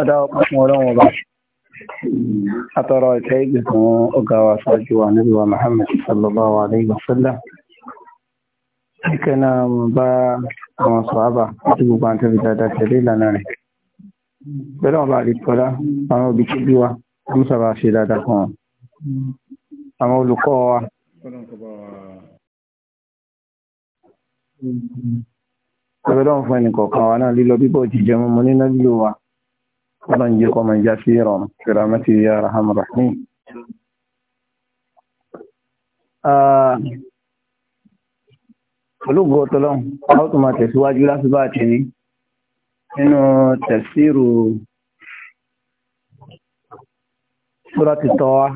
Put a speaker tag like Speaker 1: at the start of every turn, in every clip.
Speaker 1: ọ̀dà ọ̀pọ̀ ọlọ́wọ̀n ọba àtọrọ ìfẹ́ ìgbẹ̀ fún ọgá wa sáájú wa níbi wa Muhammad sallallahu alaihi wasallam ìkẹ́nà bá àwọn sọ̀hábà àti gbogbo àti ìdàdà tẹ̀lé ìlànà rẹ̀ pẹ̀lú ọba àdìpọ̀lá àwọn òbí tó bí wa ń sọ̀rọ̀ ọlọ́run fún ẹnì kọ̀ọ̀kan wa náà lílọ bíbọ̀ jíjẹ mú mọ́ nínú lílo wa ọlọ́run jẹ́ kọ́ máa já sí ìrọ̀rùn fìrà mẹ́tì ya raham rahim. olùgbò tọ́lọ́run a ó tún máa tẹ̀síwájú lásìbá àti ní nínú tẹ̀síìrù sura ti tọ́ wa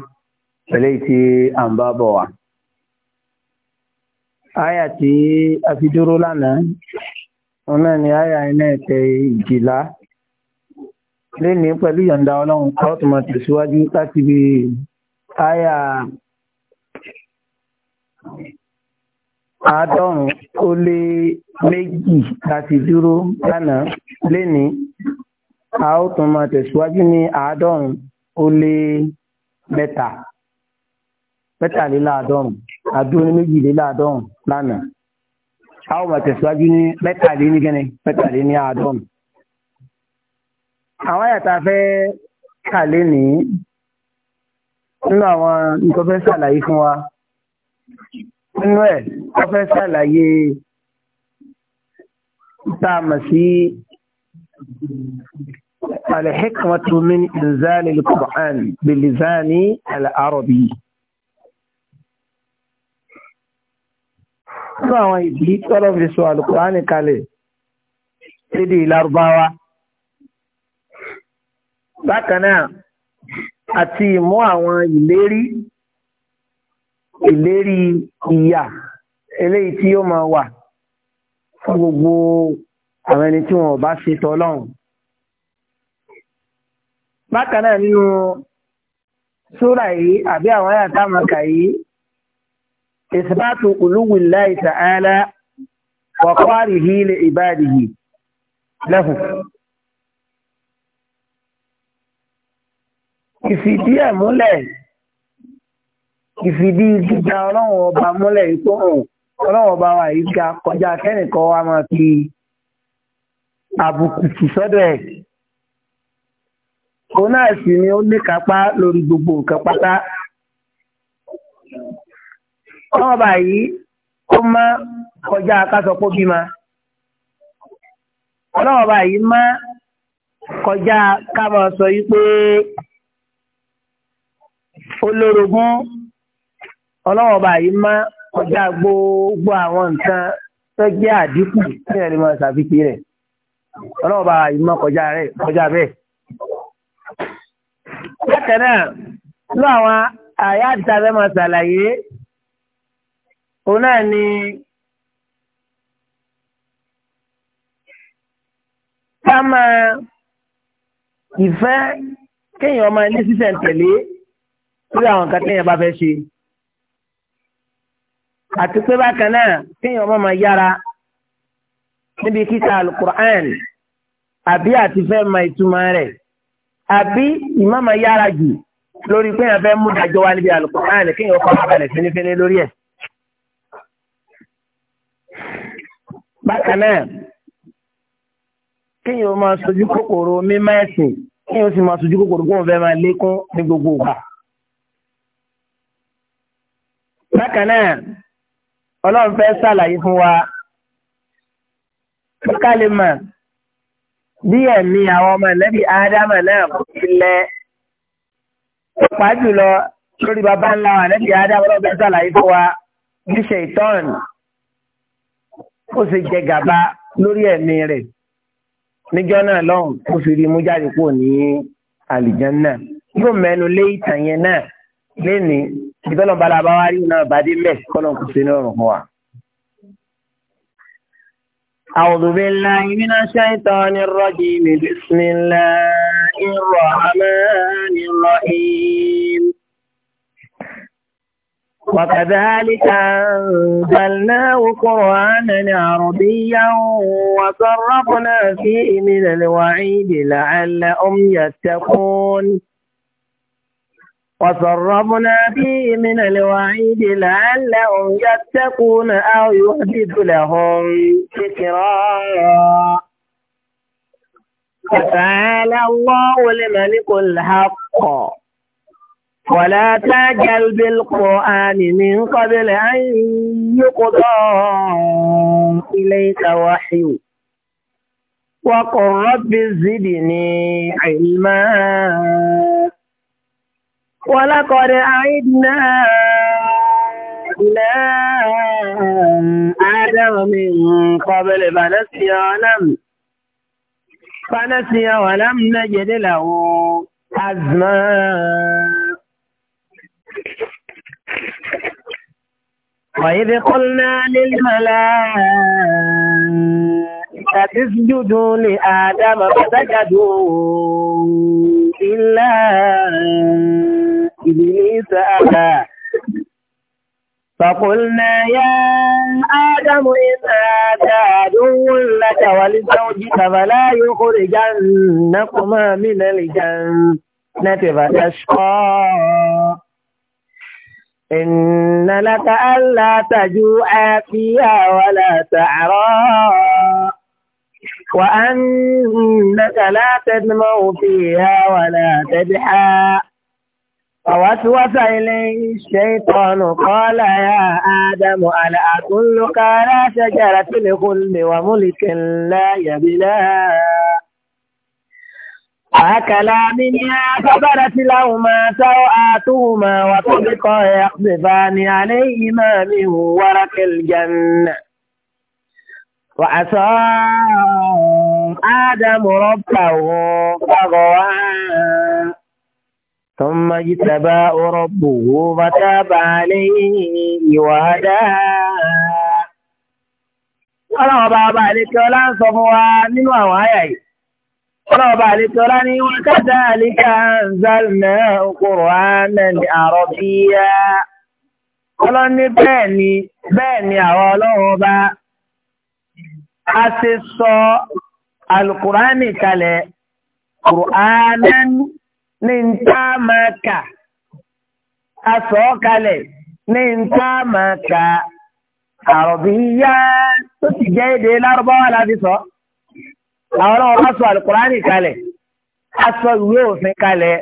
Speaker 1: pẹ̀lú ti à ń bá bọ̀ wa. Aya tí a fi dúró lánàá òun náà ni àyà iná ẹ̀tẹ̀ ìjìlá léni pẹ̀lú ìyọ̀ǹda ọlọ́run kọ́ọ̀tù máa tẹ̀síwájú láti bí àyà àádọ́rùn-ún ó lé méjì láti dúró lánàá léni a ó tún máa tẹ̀síwájú ní àádọ́rùn-ún ó lé mẹ́ta mẹ́tàléláàádọ́rùn àdúró ní méjìléláàádọ́rùn lánàá a ó máa tẹ̀síwájú ní mẹ́tàlé ní gẹ́nẹ́ mẹ́tàlé ní àádọ́nù. àwọn àyàtà fẹ́ kàlé ní nínú àwọn nǹkan fẹ́ ṣàlàyé fún wa nínú ẹ̀ wọ́n fẹ́ ṣàlàyé tá a mọ̀ sí alẹ́ min inzali al-Qur'an bil al nínú àwọn ìdí tọ́lọ̀ fi sọ àlùkùránì kalẹ̀ lédè lárúbáwá bákan náà àti ìmú àwọn ìlérí ìlérí ìyà eléyìí tí yóò máa wà fún gbogbo àwọn ẹni tí wọn bá ṣe tọlọ́run bákan nínú súrà yìí àbí àwọn àyàtà àmàkà yìí إثبات علو الله تعالى وقاره لعباده له ìfìdí ẹ̀ múlẹ̀ ìfìdí gíga ọlọ́run ọba múlẹ̀ ikú hàn ọlọ́run ọba wa yìí ga kọjá kẹ́nìkan wa máa fi àbùkù sí sọ́dọ̀ ẹ̀ òun náà sì ni ó ní kápá lórí gbogbo nǹkan pátá ọmọ báyìí ó má kọjá kásọpọ̀ bímọ ọlọ́wọ́ báyìí má kọjá kábọ̀ sọ yìí pé olórogún ọlọ́wọ́ báyìí má kọjá gbogbo àwọn nǹkan tó jẹ́ àdínkù tí ẹ̀rí máa ṣàfikì rẹ̀ ọlọ́wọ́ báyìí má kọjá rẹ̀ kọjá bẹ́ẹ̀. bákan náà lọ àwọn àyà àti tàbí máa ṣàlàyé òun náà ni ká máa ìfẹ́ kéèyàn máa ní sísẹ̀ǹtẹ̀lé lórí àwọn nǹkan téèyàn bá fẹ́ ṣe àti pé bákan náà kéèyàn máa máa yára níbi kíkà alukur'an àbí àti fẹ́ ma ìtumọ̀ rẹ̀ àbí ìmọ̀ máa yára jù lórí kéèyàn fẹ́ mú dájọ́ wá níbi alukur'an kéèyàn fọ́ abalẹ̀ fínífíní lórí ẹ̀. bákan náà kéèyàn ó máa sojú kòkòrò mímọ́ ẹ̀sìn kéèyàn ó sì máa sojú kòkòrò kóun fẹ́ máa lékún ní gbogbo ìgbà. bákan náà ọlọ́run fẹ́ ṣàlàyé fún wa ká lè mọ̀ bí ẹ̀mí àwọn ọmọ ẹ̀lẹ́bí ádámà náà kò sí lẹ́ pàápàá jùlọ lórí baba ńlá wa ẹ̀lẹ́bí ádámà náà fẹ́ ṣàlàyé fún wa bí ṣe ìtọ́nù ó sì jẹ gàba lórí ẹ̀mí rẹ̀ níjọ́ náà lọ́hùn ó fi rí mú jáde kúrò ní àlìjánná yóò mẹ́nu lé ìtàn yẹn náà lẹ́ni ìtọ́nà balaba wa rí náà bàdé mẹ́ kọ́nà kò sí náà rùn wa. أعوذ بالله من الشيطان الرجيم بسم الله الرحمن الرحيم وكذلك أنزلناه قرآنا عربيا وصرفنا فيه من الوعيد لعلهم يتقون وصرفنا فيه من الوعيد لعلهم يتقون أو يحدث لهم ذكرا فتعالى الله الملك الحق ولا تعجل بالقرآن من قبل أن يقضى إليك وحي وقل رب زدني علما ولقد أعدنا إلى آدم من قبل فنسي ولم فنسي ولم نجد له أزمان وإذ قلنا للملائكة اسجدوا لآدم فسجدوا إلا إبليس أبى فقلنا يا آدم إن هذا عدو لك ولزوجك فلا يخرجنكما من الجنة فتشقى إن لك ألا تجوع فيها ولا تعرى وأنك لا تدمو فيها ولا تدحى فوسوس إليه الشيطان قال يا آدم ألا أدلك على شجرة الخلد وملك لا يبلاه فأكلا منها فبدت لهما سوآتهما وطبقا يقذفان عليهما من ورق الجنة وعصى آدم ربه فغوى ثم اجتباه ربه فتاب عليه وهدى ọlọ́run ọba ọba àlejò ọlá ń sọ fún wa nínú àwọn àyà yìí Ọlọ́ọ̀bà àlejòlá ni wọ́n kátà àlíkà ǹzálùmẹ́ Kùránà ní àrọ̀bíyá. Ọlọ́ni bẹ́ẹ̀ ni bẹ́ẹ̀ ni àwọn ọlọ́run ọba. A ti sọ alùkùránì kalẹ̀ Kùránà ní ntáàmàkà. A sọ kalẹ̀ ní ntáàmàkà àrọ̀bíyá tó ti jẹ́ èdè lárúbáwá láti sọ. So àwọn náà wọ́n sọ alukurani kalẹ̀ a sọ ìwé òfin kalẹ̀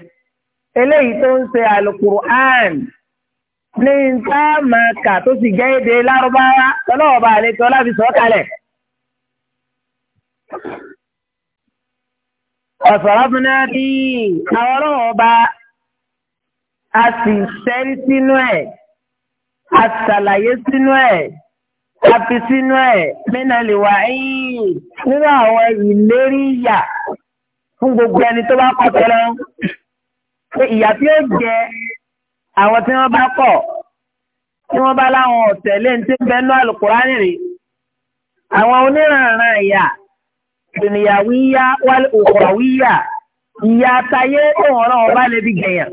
Speaker 1: eléyìí tó ń ṣe alukurani ní ntaamaka tó sì jẹ́ èdè lárúbáwá tọ́lọ́wọ́ bá àlejò láti sọ kalẹ̀. ọ̀sọ̀rọ̀ fún náà bí àwọn ọlọ́wọ́ a sì ṣẹ́rí sínú ẹ̀ a ṣàlàyé sínú ẹ̀ àfi sínú ẹ̀ mẹ́nà lè wà ẹ́yìn nínú àwọn ìlérí ìyà fún gbogbo ẹni tó bá kọ̀ tẹ́lẹ̀ pé ìyà tí ó jẹ àwọn tí wọ́n bá kọ̀ tí wọ́n bá láwọn ọ̀tẹ̀lé ní tí ń bẹ nú àlùkùránì rèé àwọn oníranran ìyà ìnìyàwíyá wálé òkòwíyà ìyá àtàyé tó wọn náà wọn bá lè fi jẹyàn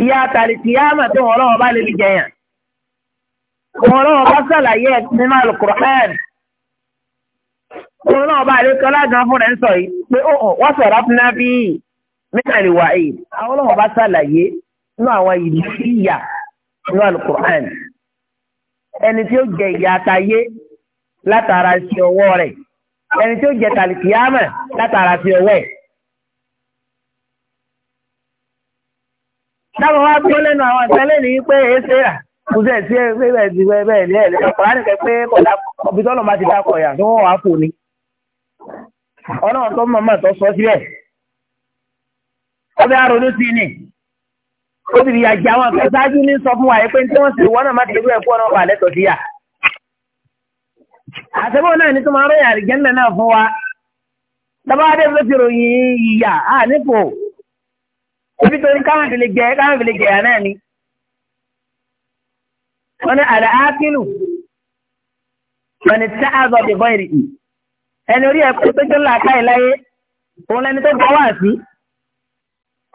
Speaker 1: ìyá àtàlìkìyàmà tó wọn náà wọn bá lè fi jẹyàn òun náà bá sàlàyé ẹ̀ nínú alukur'an òun náà bá àlékọ́ lágàn fún rẹ̀ ń sọ yìí pé wọ́n sọ̀rọ̀ fún náà bí mẹ́tàlì wáyé àwọn náà bá sàlàyé nínú àwọn ìlú ìyà nínú alukur'an ẹni tí ó jẹ ìyà àtàyé látara sí ọwọ́ rẹ̀ ẹni tí ó jẹ tàlìkìyàmà látara sí ọwọ́ ẹ̀. dábàá wá gbọ́ lẹ́nu àwọn ìfẹ́lẹ́ nìyí pé èé ṣe rà kò sí ẹ̀sí ẹ̀rẹ́ ti wẹ́ bẹ́ẹ̀ ní ẹ̀rẹ́ ọ̀pọ̀lá nìkẹ́ pé kọ̀dá ọbí tọ́lọ̀ máa ti dákọ̀ ọ̀yà tí wọ́n wà á kò ní. ọlọ́run tó mọ̀ mọ̀ tó sọ sílẹ̀ ọbẹ̀ aronú sí ni ó ti yà jẹ àwọn akẹ́kọ̀ọ́ ṣáájú ní sọ fún wa pé tí wọ́n sì wọ́n náà má ti rú ẹ̀kú ọ̀nà balẹ̀ tó ti yà. àtẹ̀bọ̀ náà ní tó máa rọ̀yà àlìjẹ́ńdà náà fún wa dábàá dé fún ti ròyìn ìyà àníkò ebi tó káwọn fi lè jẹ káwọn fi lè jẹ náà ni wọ́n ní àlàákìlù ẹni tí a zọ bìbọn ìrìkì ẹni orí ẹ̀kọ́ tó jẹ́ làákà ìláyé òun lẹni tó gbọ́ wà sí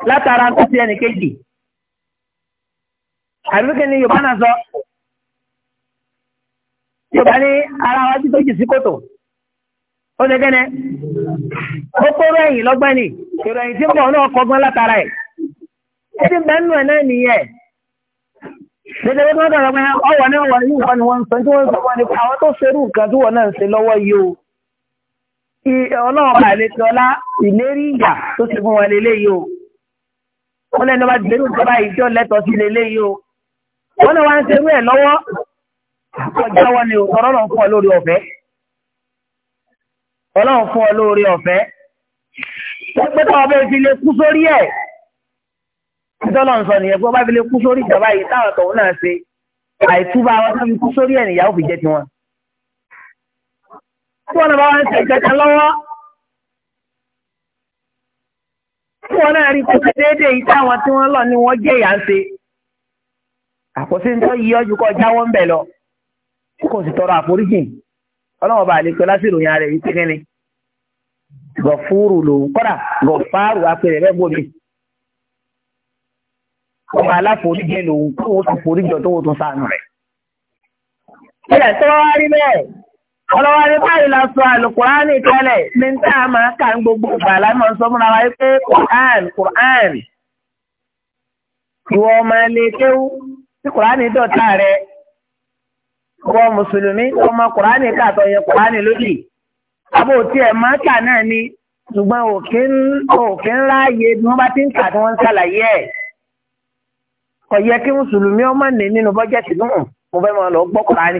Speaker 1: látara ń kọ́sí ẹnì kejì àbíkẹ́ ni yorùbá náà sọ yorùbá ní ara wájú tó jù sí kòtò ó lè gẹ́nẹ́ ó kóró ẹ̀yìn lọ́gbẹ́ni ìròyìn tí mo náà kọgbọ́n látara ẹ̀ ẹ̀ ti bẹ́ẹ̀ nù ẹ̀ náà nìyẹn. Dédé wọ́n tó dọ̀rọ̀ pé ọwọ́ ní ọwọ́ yìí nǹkan ni wọ́n ń sọ tí wọ́n sọ wọ́n ni pé àwọn tó ṣerú nǹkan tí wọ́n náà ń ṣe lọ́wọ́ yìí o. Ọlọ́run bá lè tọ́ lá ìlérí ìyà tó ṣe fún wọn lélẹ́yìí o. Wọ́n lẹ́nu bá dẹrù nǹkan báyìí tí ó lẹ́tọ̀ sí lélẹ́yìí o. Wọ́n náà wá ń ṣerú ẹ̀ lọ́wọ́. Ọjọ́ wọn ni ọ̀rọ̀ lọ́n fún ọ lórí ọ̀fẹ́. Ọlọ́run fún ọ lórí ọ̀fẹ́. Wọ́n gbé ìtọ́lọ̀ sọ nìyẹn pé bá fi lè kú sórí ìjọba yìí táwọn tọ̀hún náà ṣe àìtúbà wọn tó fi kú sórí ẹ̀ nìyàwó fi jẹ tiwọn. tí wọn náà bá wọn ṣe ìjọta lọ́wọ́ tí wọn náà rí kókó déédéé yìí táwọn tí wọ́n lọ ni wọ́n jẹ́ ìyá ń ṣe. àkọsí tó yí ọjọ́ kọ jáwọ́ ń bẹ̀ lọ tí kò sì tọrọ àforíjì ọlọ́wọ́n bá lè pe lásìrò yẹn rẹ̀ yìí pé kẹ́ni gọ̀fúrù lòun kọ́dà gọ̀fáàrù apẹ̀rẹ̀ rẹ̀ bóbi. ọba aláforíjẹ lòun tó o tún foríjọ tó tún sànù rẹ̀. ilẹ̀ tó wá rí bẹ́ẹ̀ ọlọ́wọ́ ní báyìí sọ tẹ́lẹ̀ ní tá a máa kà ń gbogbo ìgbà lámọ̀ ń sọ pé kùránì kùránì ọmọ tí rẹ̀ mùsùlùmí ọmọ kùránì kàtọ̀ yẹ kùránì lódì àbò tí ẹ̀ máa kò yẹ kí mùsùlùmí ọmọ ní nínú bọ́jẹ̀tì náà mo fẹ́ máa lọ gbọ́ Kùránì.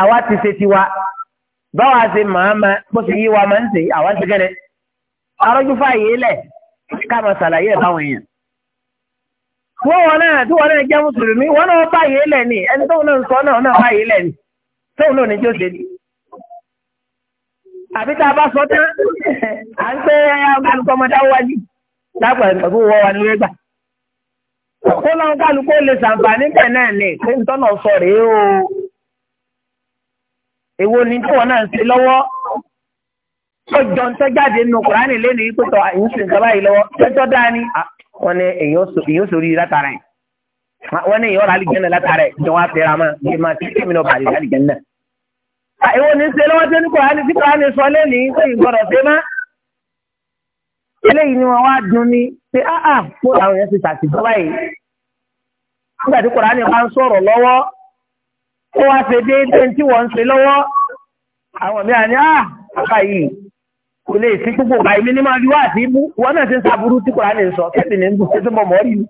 Speaker 1: àwa ti ṣe tiwa báwa ṣe màá ma bó ṣe yí wa máa ń ṣe àwa ṣe gẹ́rẹ́ arọ́jú fààyè lẹ̀ ká máa ṣàlàyé ẹ̀ báwọn èèyàn. wọ́n wọn náà tí wọ́n náà jẹ́ mùsùlùmí wọ́n náà fààyè lẹ̀ ni ẹni tóun náà sọ náà náà fààyè lẹ̀ ni tóun náà ní jọ́sẹ̀ ni àbí tá a bá sọ tán à ń pé ọgbà nǹkan ọmọdé wájú lápá ìtọ́jú wọ́ wa nílé gbà. kó lọ́n kálukú lè ṣàǹfààní bẹ́ẹ̀ náà ni pé ń tọ́nà sọ rèé o. èwo ni tí wọn náà ń ṣe lọ́wọ́ tó jọ ń tẹ́ jáde nínú kùránì lẹ́nu yìí pẹ̀tọ̀ àyìn sì ń sọ báyìí lọ́wọ́ tẹ́tọ́ dání. wọ́n ní èyàn sórí látara ẹ̀ wọ́n ní èyàn rà lìjẹ́ náà látara ẹ̀ jọ wá fẹ́ra mọ́ bí máa ti kí mi lọ bàlì lálìjẹ́ náà. èwo ni ń ṣe lọ́wọ́ tẹ́nu kùránì tí kùránì eléyìí ni wọ́n wá dùn ní pé áà ah, ah, kó àwọn èèyàn ti ṣàtìjọba yìí nígbà tí kòránì bá ń sọ̀rọ̀ lọ́wọ́ ó wá ṣe déédéé tí wọ́n ń ṣe lọ́wọ́ àwọn mi àní áà àbá yìí kò lè sí púpọ̀ báyìí mi ní máa rí wá àti ibú wọn náà ti ń sàbúrú tí kòránì ń sọ kẹ́sì ní ń dùn kẹ́sì mọ̀ mọ́ rí mi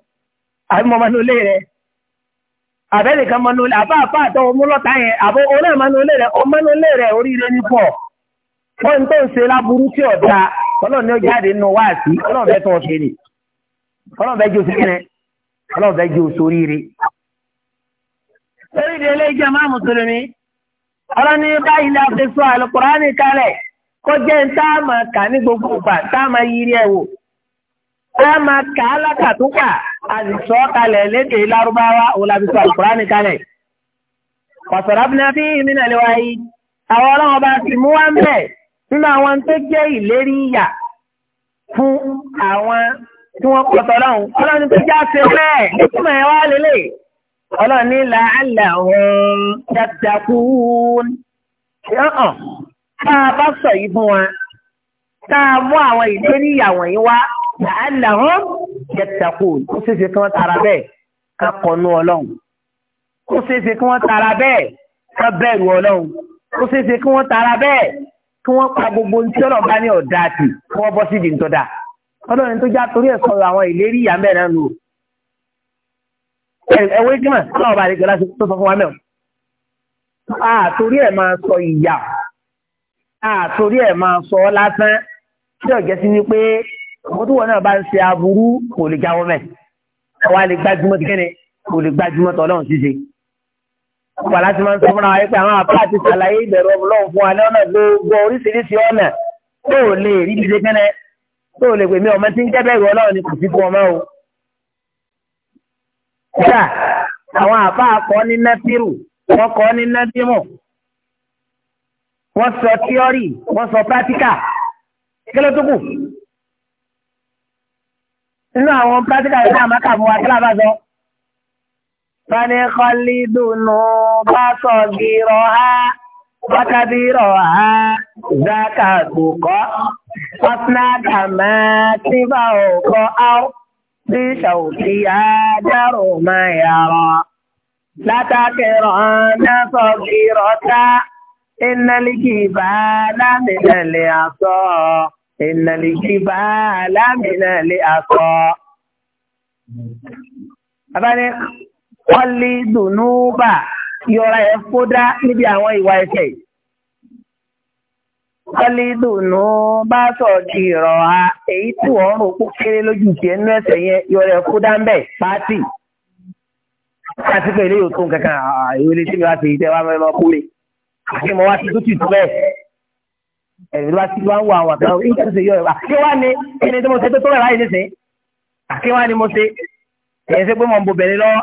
Speaker 1: àbí mo máa ní olé rẹ̀ àbẹ́nìkan máa ní olé àbá àbá àtọwọ́ mú lọ́ta yẹn àbọ̀ olóòmánú olé rẹ̀ ọmọ ní olé rẹ̀ oríire ní pọ̀ wọ́n tó ń ṣe láburú tí ọ̀dà ọlọ́run ní ó jáde nínú wáàsí ọlọ́run bẹ́ẹ̀ tó ọ ṣe ni ọlọ́run bẹ́ẹ̀ jẹ́ oṣù kẹrẹ ọlọ́run bẹ́ẹ̀ jẹ́ oṣù oríire. torí ìdílé ìjọ máa mùsùlùmí ọlọ́run ní báyìí la fi sọ àlùkùránì kalẹ̀ kó jẹ́ ń tá a máa kà ní gbogbo ìgbà tá a máa yiri ẹ̀ wò tá a máa kà á lákàtúnkà àzìsọ́ kalẹ̀ lédè lárúbáwá òun la fi sọ àlùkùránì kalẹ̀ nínú àwọn tó jẹ́ ìlérí ìyà fún àwọn tí wọ́n kọ́ tọ́lọ́hún ọlọ́run tó já ṣe bẹ́ẹ̀ nígbà ẹ̀ wá lélẹ̀ ọlọ́run ní làálà ọ̀hún dàdàkùn ṣẹ́hàn tá a bá sọ yìí fún wa tá a mú àwọn ìlérí ìyà wọ̀nyí wá làálà ọ̀hún dàdàkùn ó ṣeé ṣe kí wọ́n tara bẹ́ẹ̀ ká kọnu ọlọ́run ó ṣeé ṣe kí wọ́n tara bẹ́ẹ̀ ká bẹ̀rù ọlọ́run ó ṣeé ṣe kí wọ́n tara bẹ́ẹ̀ kí wọ́n pa gbogbo ní tọ́lọ̀ bá ní ọ̀dà àti kí wọ́n bọ́ sí ìdí ntọ́da ọlọ́run tó já torí ẹ̀ sọ̀rọ̀ àwọn ìlérí ìyá mẹ́rin náà nù ẹ̀wọ́ ìgbìmọ̀ ọlọ́run bá rí gbọ́dá tó sọ fún wa mẹ́rin a torí ẹ̀ máa sọ ìyà a torí ẹ̀ máa sọ ọ́ lásán tí ọ̀jẹ́ sí ni pé ọkọ̀ wọn náà bá ń ṣe aburú kò lè jáwọ́ mẹ́ ẹ̀ wá lè gbájúmọ́ ọgbà láti máa ń sọ fúnra wa pé àwọn àbá àti sàlàyé ìbẹ̀rù ọlọ́run fún wa ní ọ̀nà gbogbo oríṣiríṣi ọ̀nà tó o lè rí ibi kẹ́nẹ́ tó o lè pè mí ọmọ tí ń jẹ́bẹ̀rù ọlọ́run ni kò sí fún ọmọ o. kódà àwọn àbá akọ ní nẹ́tírù wọ́n kọ́ ní nẹ́tímù wọ́n sọ tíọ́rì wọ́n sọ pátíkà kí ló tó kù. nínú àwọn pátíkà yìí náà má kà wa kí lábàá sọ. فنخلدنه بصغيرها وكبيرها ذاك بقاء أصنع كما فوق أرض بشوكها در ما يرى لا تكرن صغيرك إن الجبال من العصا إن الجبال من العصا أبنك wọ́n lé dùnúbà yọra ẹ̀ kódà níbi àwọn ìwà ẹ̀ṣẹ̀. wọ́n lé dùnúbà sọ̀dì ìrọ̀ ha èyí tí wọ́n rò kó kéré lójú tiẹ̀ nínú ẹ̀ṣẹ̀ yẹn yọra ẹ̀ kódà ń bẹ̀ pàtì. láti pé ilé yóò tó kankan ìwé lè tí mi wá sí ìtẹ́ wa mẹ́rin ọkú rè àti mo wá sí tó ti tú bẹ́ẹ̀. ẹ̀rí wá sí wá ń wà wà bẹ́ẹ̀ ìkàtí ṣe yọ ẹ̀ wá kí wá ní kí ni tí mo ṣe tó tó rẹ̀ láyé nísìnyí àkíwá ni mo ṣe èyí ṣe pé mo ń bo bẹ̀rẹ̀ lọ́wọ́.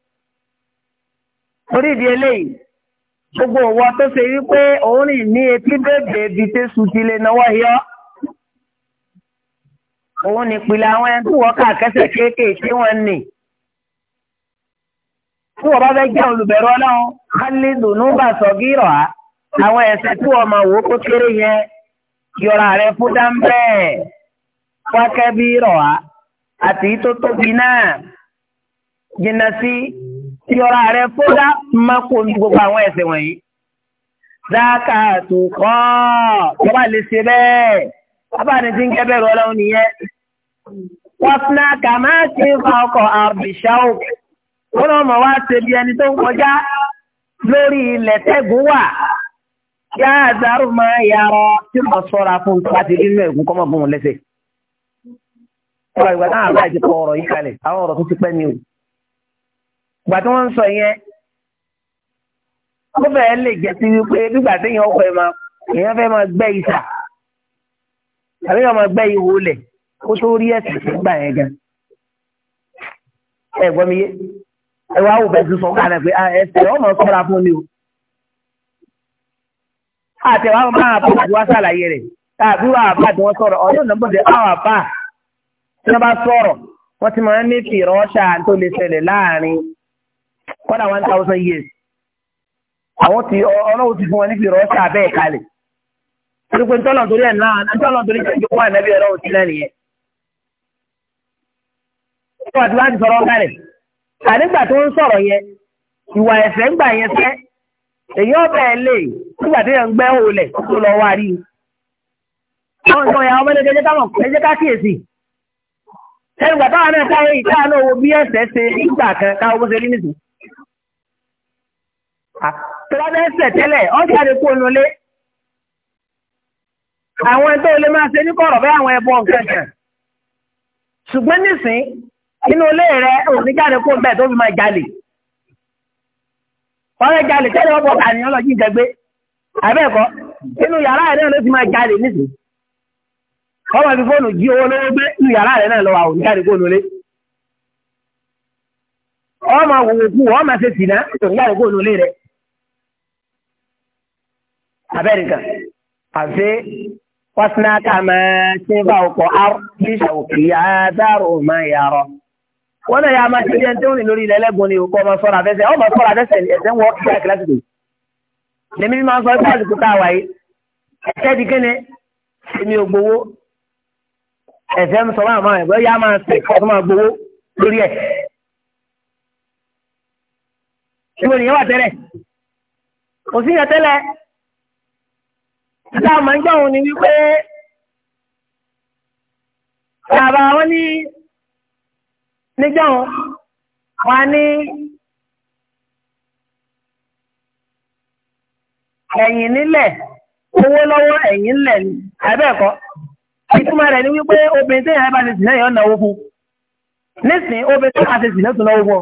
Speaker 1: torí ìdí eléyìí gbogbo ọwọ́ tó ṣe wípé òun rìn ní etí bèbè ibi tí sùn ti lè náwó yọ òun nìpìlẹ̀ àwọn ẹni tí wọ́n kà kẹsẹ̀ kéékèèké wọn nì tí wọ́n bá fẹ́ jẹ́ olùbẹ̀rù ọlọ́run kálí dùnú bá sọ gírọ̀ á àwọn ẹ̀ṣẹ̀ tí wọ́n máa wò ó kó kéré yẹn yọra rẹ fún dáńbẹ́ wákẹ́ bí rọ̀ á àti tó tóbi náà jìnnà sí yọra rẹ kódà má kó ní gbogbo àwọn ẹ̀ṣẹ̀ wọ̀nyí. Dáka tó kọ́ yọba lè ṣe bẹ́ẹ̀. Bàbá ni ti ń kẹ́ bẹ̀rù ọlọ́run nìyẹn. Wọ́pná kàmá ti ń fa ọkọ̀ àbìṣáò. Wọ́n náà mọ̀ wá ṣe bí ẹni tó ń kọjá lórí ilẹ̀ tẹ́gùn wà. Yá àzárù máa yàrá tí mo sọ́ra fún un láti rí inú ẹ̀gún kọ́mọ̀ fún un lẹ́sẹ̀. Ọ̀rọ̀ ìgbà táwọn àbáyé ti kọ ọ̀rọ̀ yìí kalẹ̀, àwọn ọ̀rọ̀ tó ti pẹ́ ni o gbà tí wọ́n ń sọ yẹn ó fẹ́ẹ́ lè jẹ́ sí wípé nígbà téèyàn ọkọ̀ ẹ̀ máa èèyàn fẹ́ máa gbẹ́ ìsà àbí èèyàn máa gbẹ́ ihò lẹ̀ kó tó rí ẹ̀sìn nígbà yẹn gan. ẹ gbọ́ mi yé ẹ wá wò bẹ́ẹ̀ sísọ kàn pé ẹsẹ̀ ah, ọmọ sọ́ra fún mi o. àtẹ̀wá máa bá àti wá sàlàyé rẹ̀ tàbí wà bá àti wọ́n sọ̀rọ̀ ọ̀yọ́ ìnáwó bọ̀dẹ̀ àwọn àbá
Speaker 2: tí wọ́n bá sọ̀rọ̀
Speaker 1: wọ́n ti máa ń ní kìrọ́ṣà tó lè ṣẹlẹ̀ láàrin kọ́dà 1.000 thousand years àwọn ti ọlọ́wọ́ ti fún wọn ní fi rọ́ọ̀sì abẹ́ ìkàlẹ̀ torípé ntọ́nà torí ẹ̀ náà ntọ́nà torí ṣe ìjọba ànábì ẹ̀rọ òtí náà nìyẹn. ìwà tí wọ́n ti sọ̀rọ̀ kálẹ̀ àdégbà tó ń sọ̀rọ̀ yẹn ìwà ẹ̀fẹ̀ ń gbà yẹn fẹ́ èyí ọ̀bẹ ẹ̀ lè nígbà tí yẹn ń gbẹ́ òòlẹ̀ tó lọ wá rí i. àwọn ìjọ ìyàwó mẹ́lẹ́ ẹjẹ́ ká mọ̀ ẹjẹ́ ká kíyèsí. ẹnìgbà táwọn náà káwé ìta náà wo bí ẹ̀sẹ̀ ṣe nígbà kan tọ́lábẹ́sẹ̀ tẹ́lẹ̀ ọjà lè kó nulẹ̀ àwọn ẹ̀tọ́ olè máa ṣe ní kọ̀rọ̀ bẹ́ẹ̀ àwọn ẹ̀bọ nǹkan ṣùgbọ́n nísìn inú ilé rẹ òní jáde kó bẹ́ẹ̀ tó fi máa jalè ọ̀rẹ́ jalè tẹ́lẹ̀ ọ̀bọ̀ àníyàn lọ jí ìjẹgbé àbẹ́ẹ̀kọ́ inú yàrá rẹ náà ló fi máa jalè nísìn ọmọ fi fóònù jí owó lówó gbé inú yàrá rẹ náà lọ wà òní jáde kó nulẹ̀ ọmọ wòwòkú ọmọ ṣe sì náà òní jáde kó nulẹ̀ rẹ̀ abẹ́nìkan àfi wàsínáàkà máa ṣe bá ọkọ̀ àríṣà òkè àdárò máa yàrá wọn náà yà máa ṣe bí ẹni tó ń rìn lórí ilẹ̀ ẹlẹ́gùn ni òkú ọmọ sọ́ra abẹ́sẹ̀ ọmọ sọ́ra abẹ́sẹ̀ ẹ̀sẹ̀ ń wọ kíkà kílásìkò lèmi máa ń sọ pé àsìkò tá a wà yìí ẹ̀sẹ̀ di kéne èmi ò gbowó ẹ̀sẹ̀ ń sọ máa máa ẹ̀gbọ́n yà máa sẹ̀ kọ́ tó máa gbowó lórí ẹ̀ ìwé nìyẹn wà tẹ́lẹ̀ kò sí yẹn tẹ́lẹ̀ Ìta àmọ́ ìjọ òun ni wípé bàbá wọn ní níjọ́ wa ní ẹ̀yìn nílẹ̀ owó lọ́wọ́ ẹ̀yìn nílẹ̀ ni àbẹ́ẹ̀kọ́. Ìtumọ̀ rẹ̀ ni wípé obìnrin tí ìyá bá ti sílẹ̀ yọ̀ náwó fún. Nísìnyí obìnrin tó bá ti sílẹ̀ tó náwó fún ọ.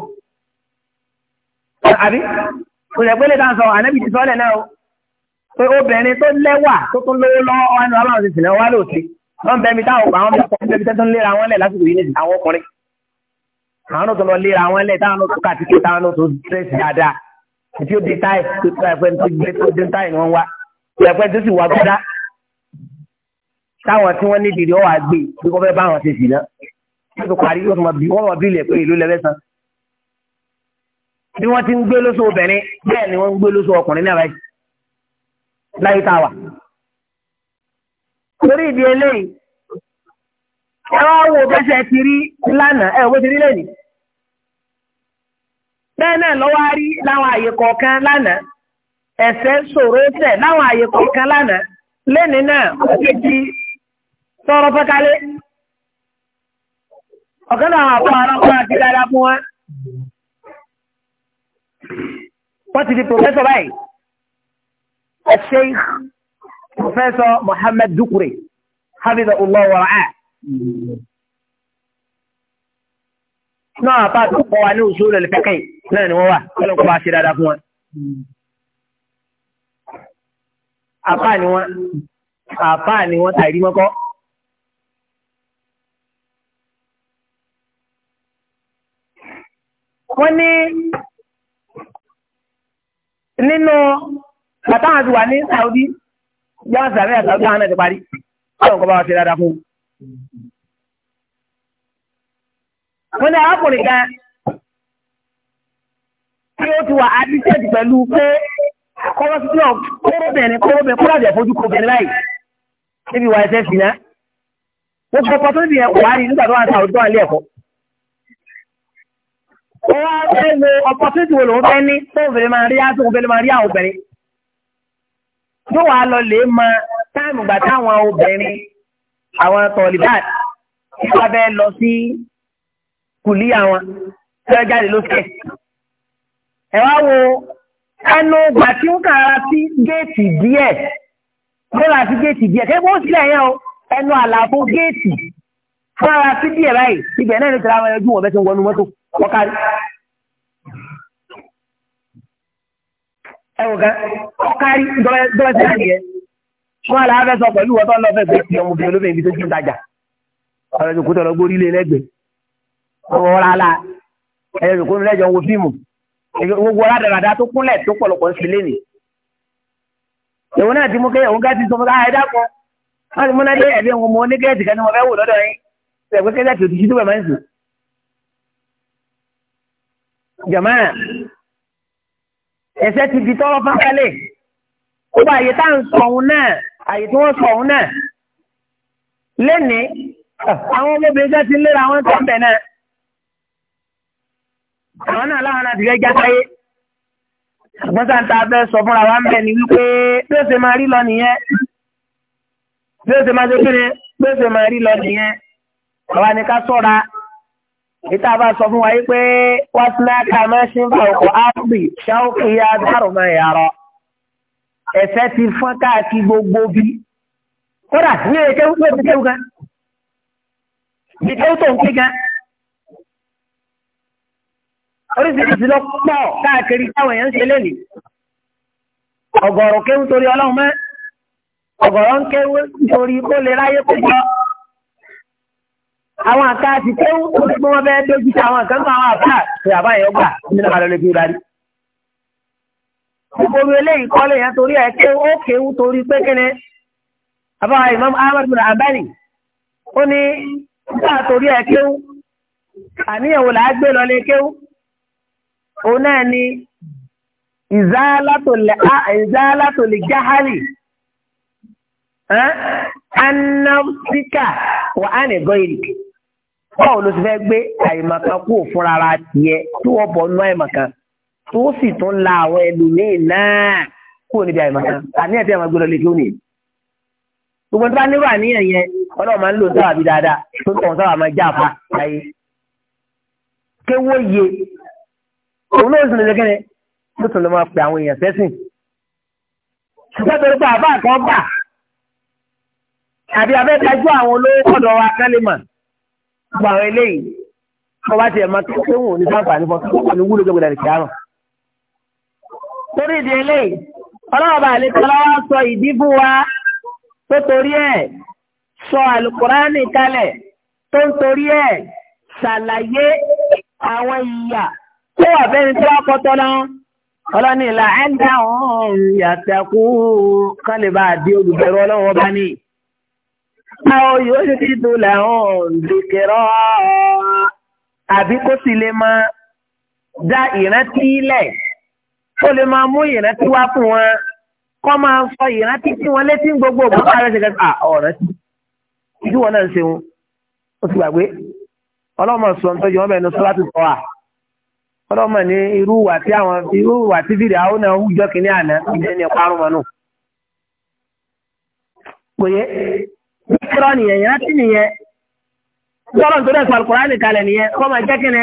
Speaker 1: Àbí? Kò lè pélé dáhùn sọ, ànábì ti náà o pé obìnrin tó lẹ́wà tó tún lówó lọ́wọ́ wọn ni ọlọ́run ti sìnà wá lóòótọ́ wọn bẹ mi táwọn àwọn bẹ ọkùnrin bẹbi tẹ́tún léra wọn lẹ̀ lásìkò yìí nìyí àwọn ọkùnrin àwọn náà tó lọ léra wọn lẹ̀ táwọn náà tó kà títí táwọn náà tó dírẹ́sì dáadáa tí ó di táì tó tó ẹ̀fẹ́ tó gbé tó dé táì ni wọ́n wá ẹ̀fẹ́ tó sì wá gbọ́dá táwọn tí wọ́n ní dìde ọ̀wà bí wọ́n fẹ́ bá wọn ṣe sìnà wọ́n bí wọ́n ti ń gbé lóṣù obìnrin bẹ́ẹ̀ ni wọ́n ń gbé lóṣù ọkùnrin náà báyìí láyé a wà. torí ìdí eléyìí ẹ wá wo bẹ́sẹ̀ ti rí lánàá ẹ wò ti rí lẹ́nu. bẹ́ẹ̀ náà lọ́wọ́ rí láwọn àyè kọ̀ọ̀kan lánàá ẹ̀sẹ̀ ṣòro tẹ̀ láwọn àyè kọ̀ọ̀kan lánàá lẹ́nu náà ó ti di sọ̀rọ̀ ọ̀kan náà àti dáadáa fún wọ́n ti di báyìí. الشيخ بروفيسور محمد دكري حفظه الله ورعاه náà bá tó kọ́ wa ní usul al-fiqh náà ni wọ́n wà kọ́lọ́ kó bá ṣe dáadáa fún wa. àfáà ni wọ́n àfáà ni wọ́n tàìrí mọ́kọ́. wọ́n ní nínú bàtà àwọn ti wà ní Saudi yá sàmì àtàwọn àwọn náà ti parí báwọn kọ́ bá wa ṣe dáadáa fún un. wọ́n ní arákùnrin kan tí ó ti wà addicted pẹ̀lú pé kọ́wọ́ sí náà kóróbìnrin kóróbìnrin kó láti ẹ̀fọ́jú kóróbìnrin báyìí níbi ìwà ẹ̀sẹ̀ sí náà. wọ́n fọ́ pọ́tọ́ níbi ẹ̀kọ́ wá rí nígbà tó wà ní Saudi tó wà ní ẹ̀kọ́ ó wá fẹ́ wo opportunity wo lòun fẹ́ ní tó obìnrin máa rí á tó obìnrin máa rí àwọn obìnrin yóò wá lọ lè mọ táìmù gbà táwọn obìnrin àwọn tọ̀lìbáàd wọ́n fẹ́ lọ sí kùlí àwọn tí wọ́n jáde lókè. ẹ wá wo ẹnu gbà tí ń kàrà sí géètì díẹ̀ ló sí géètì díẹ̀ kẹ́kọ̀ọ́ ó sílẹ̀ o ẹnu àlàfo géètì fún ara sí díẹ̀ báyìí ibẹ̀ náà ní tẹ̀lé àwọn ẹjú wọn bẹ́ẹ̀ ti ń wọnú mọ́tò wọ́n kárí. ẹwọ kan ọkari dọwẹ ti láti yẹ wọn là á fẹ́ sọ pẹ̀lú wọn tó ń lọ fẹ́ fẹ́ fi ọmọ obìnrin olóbìnrin ibi tó ti ń tajà ọ̀rọ̀ ìjòkó tọ̀rọ̀ gbórí ilé lẹ́gbẹ̀ẹ́ ọwọ́ rárá ẹ̀yẹ ìjòkó ní lẹ́jọ́ ń wo fíìmù gbogbo aládàradà tó kúnlẹ̀ tó pọ̀lọpọ̀ ń sílé nì. èwo náà ti mú kéèyàn òun gẹ́tì sọmọ káyọ̀ ẹ̀dá kan wọ́n ti mú náà dé ẹ̀bí wọn mọ onígẹ́ẹ̀tì kan ni mo fẹ́ wò lọ́dọ̀ yín ẹ̀gbẹ́ kẹ́kẹ́ tó ti ṣí tó bẹ̀ máa ń sùn. jàmáà ẹ̀ṣẹ̀ ti di tọ́rọ́ fákálẹ̀ ó bá àyè tá à ń sọ òun náà àyè tí wọ́n sọ òun náà lénìí àwọn ọmọbìnrin sẹ́ ti ń léra wọn tó ń bẹ̀ náà àwọn náà láwọn náà ti fẹ́ jásáyé ṣùgbọ́n sáà ń ta abẹ́ sọ fúnra wa ń bẹ̀ ni wípé bí ó ṣe máa rí lọ nìyẹn bí ó ṣe máa ṣe kí ni bí ó ṣe máa rí lọ nìyẹn àwa ni ká sọ́ra ìta bá sọ fún wa yí pé wàtíláàkà mẹ́sìn ọkọ̀ áàbì ṣáòkì ya dárùn náà yàrá ẹ̀fẹ́ ti fọ́n káàkiri gbogbo bí kódà ní èké wípé bíkéwù kan bíkéwù tó ń ké kan oríṣiríṣi ló pọ̀ káàkiri táwọn èèyàn ń ṣe lónìí ọ̀gọ̀rọ̀ kéwù torí ọlọ́run mọ́ ọ̀gọ̀rọ̀ ń kéwù torí kó lè ráyé kó jọ àwọn àká ti tó gbogbo wọn bẹ́ẹ̀ dójú sí àwọn kan tó àwọn àká ṣe àbáyọ gbà nínú àlọ́ lè fi rárí. gbogbo eléyìí kọ́lé yẹn torí ẹ̀ ké ó kéwú torí pé kíni àbáwá Imam Ahmad bin Abani ó ní nígbà torí ẹ̀ kéwú àníyàn wò láá lọ lè kéwú òun náà ni ìzáàlátò lè jáhálì annafsika wa anigọ́ ìrìkì báwo ló ti fẹ́ gbé àìmọ̀kan kú òfun rárá tiẹ̀ tó wọ́n bọ̀ nú àìmọ̀kan tó sì tún la àwọn ẹlòmíì náà kúrò níbi àìmọ̀kan àníyàn tí àwọn gbé lọ lè kí ó nìyí gbogbo tó bá nírò àníyàn yẹn ọlọ́run máa ń lò ń sábà bí dáadáa tó ń tọ̀ ń sábà máa já àpá láyé. kéwó yé òun náà sì lè kẹ́ni ló tún lè máa pè àwọn èèyàn sẹ́sìn. ṣùgbọ́n torí pé àbá kan gbogbo àwọn eléyìí kọ́ bá tiẹ̀ máa tó wò ní sáǹfààní fún ọtún kò ní wúlò jẹ́ gbọdọ̀ kìá rùn. torí ìdí eléyìí ọlọ́wọ́ bá lè tọ́lá wá sọ ìdí fún wa tó torí ẹ̀ sọ àlùkùránì kalẹ̀ tó ń torí ẹ̀ ṣàlàyé àwọn ìyà tó wà bẹ́ni tó wá kọ́tọ́ náà ọlọ́ni ìlà ẹ̀ ń dáhùn yàtẹ̀kù kálíbà àdé olùbẹ̀rù ọlọ́wọ́ bá Àwọn yóò ṣe dídùn làwọn dèkèrọ́ àbí kó sì lè máa dá ìrántí lẹ̀ kó lè máa mú ìrántí wá fún wọn kọ́ máa sọ ìrántí tí wọ́n létí gbogbo bàbá rẹ̀ ṣe kẹ́kẹ́ ọ̀rẹ́ sí ìdí wọn náà ń ṣe wọn ó ti gbàgbé ọlọ́mọ sọ nítorí wọn bẹ̀rẹ̀ ní sọ́lá ti sọ à ọlọ́mọ ní irú wà tí àwọn irú wà tí fìdí àwọn náà ń jọ àná ìdẹ́ni ẹ̀kọ́ àrùn mọ́nù kíkọ́ nìyẹn ìrántí nìyẹn gbọ́dọ̀ nítorí ẹ̀sùn Al-Kùránì kalẹ̀ nìyẹn kọ́ máa jẹ́ kíni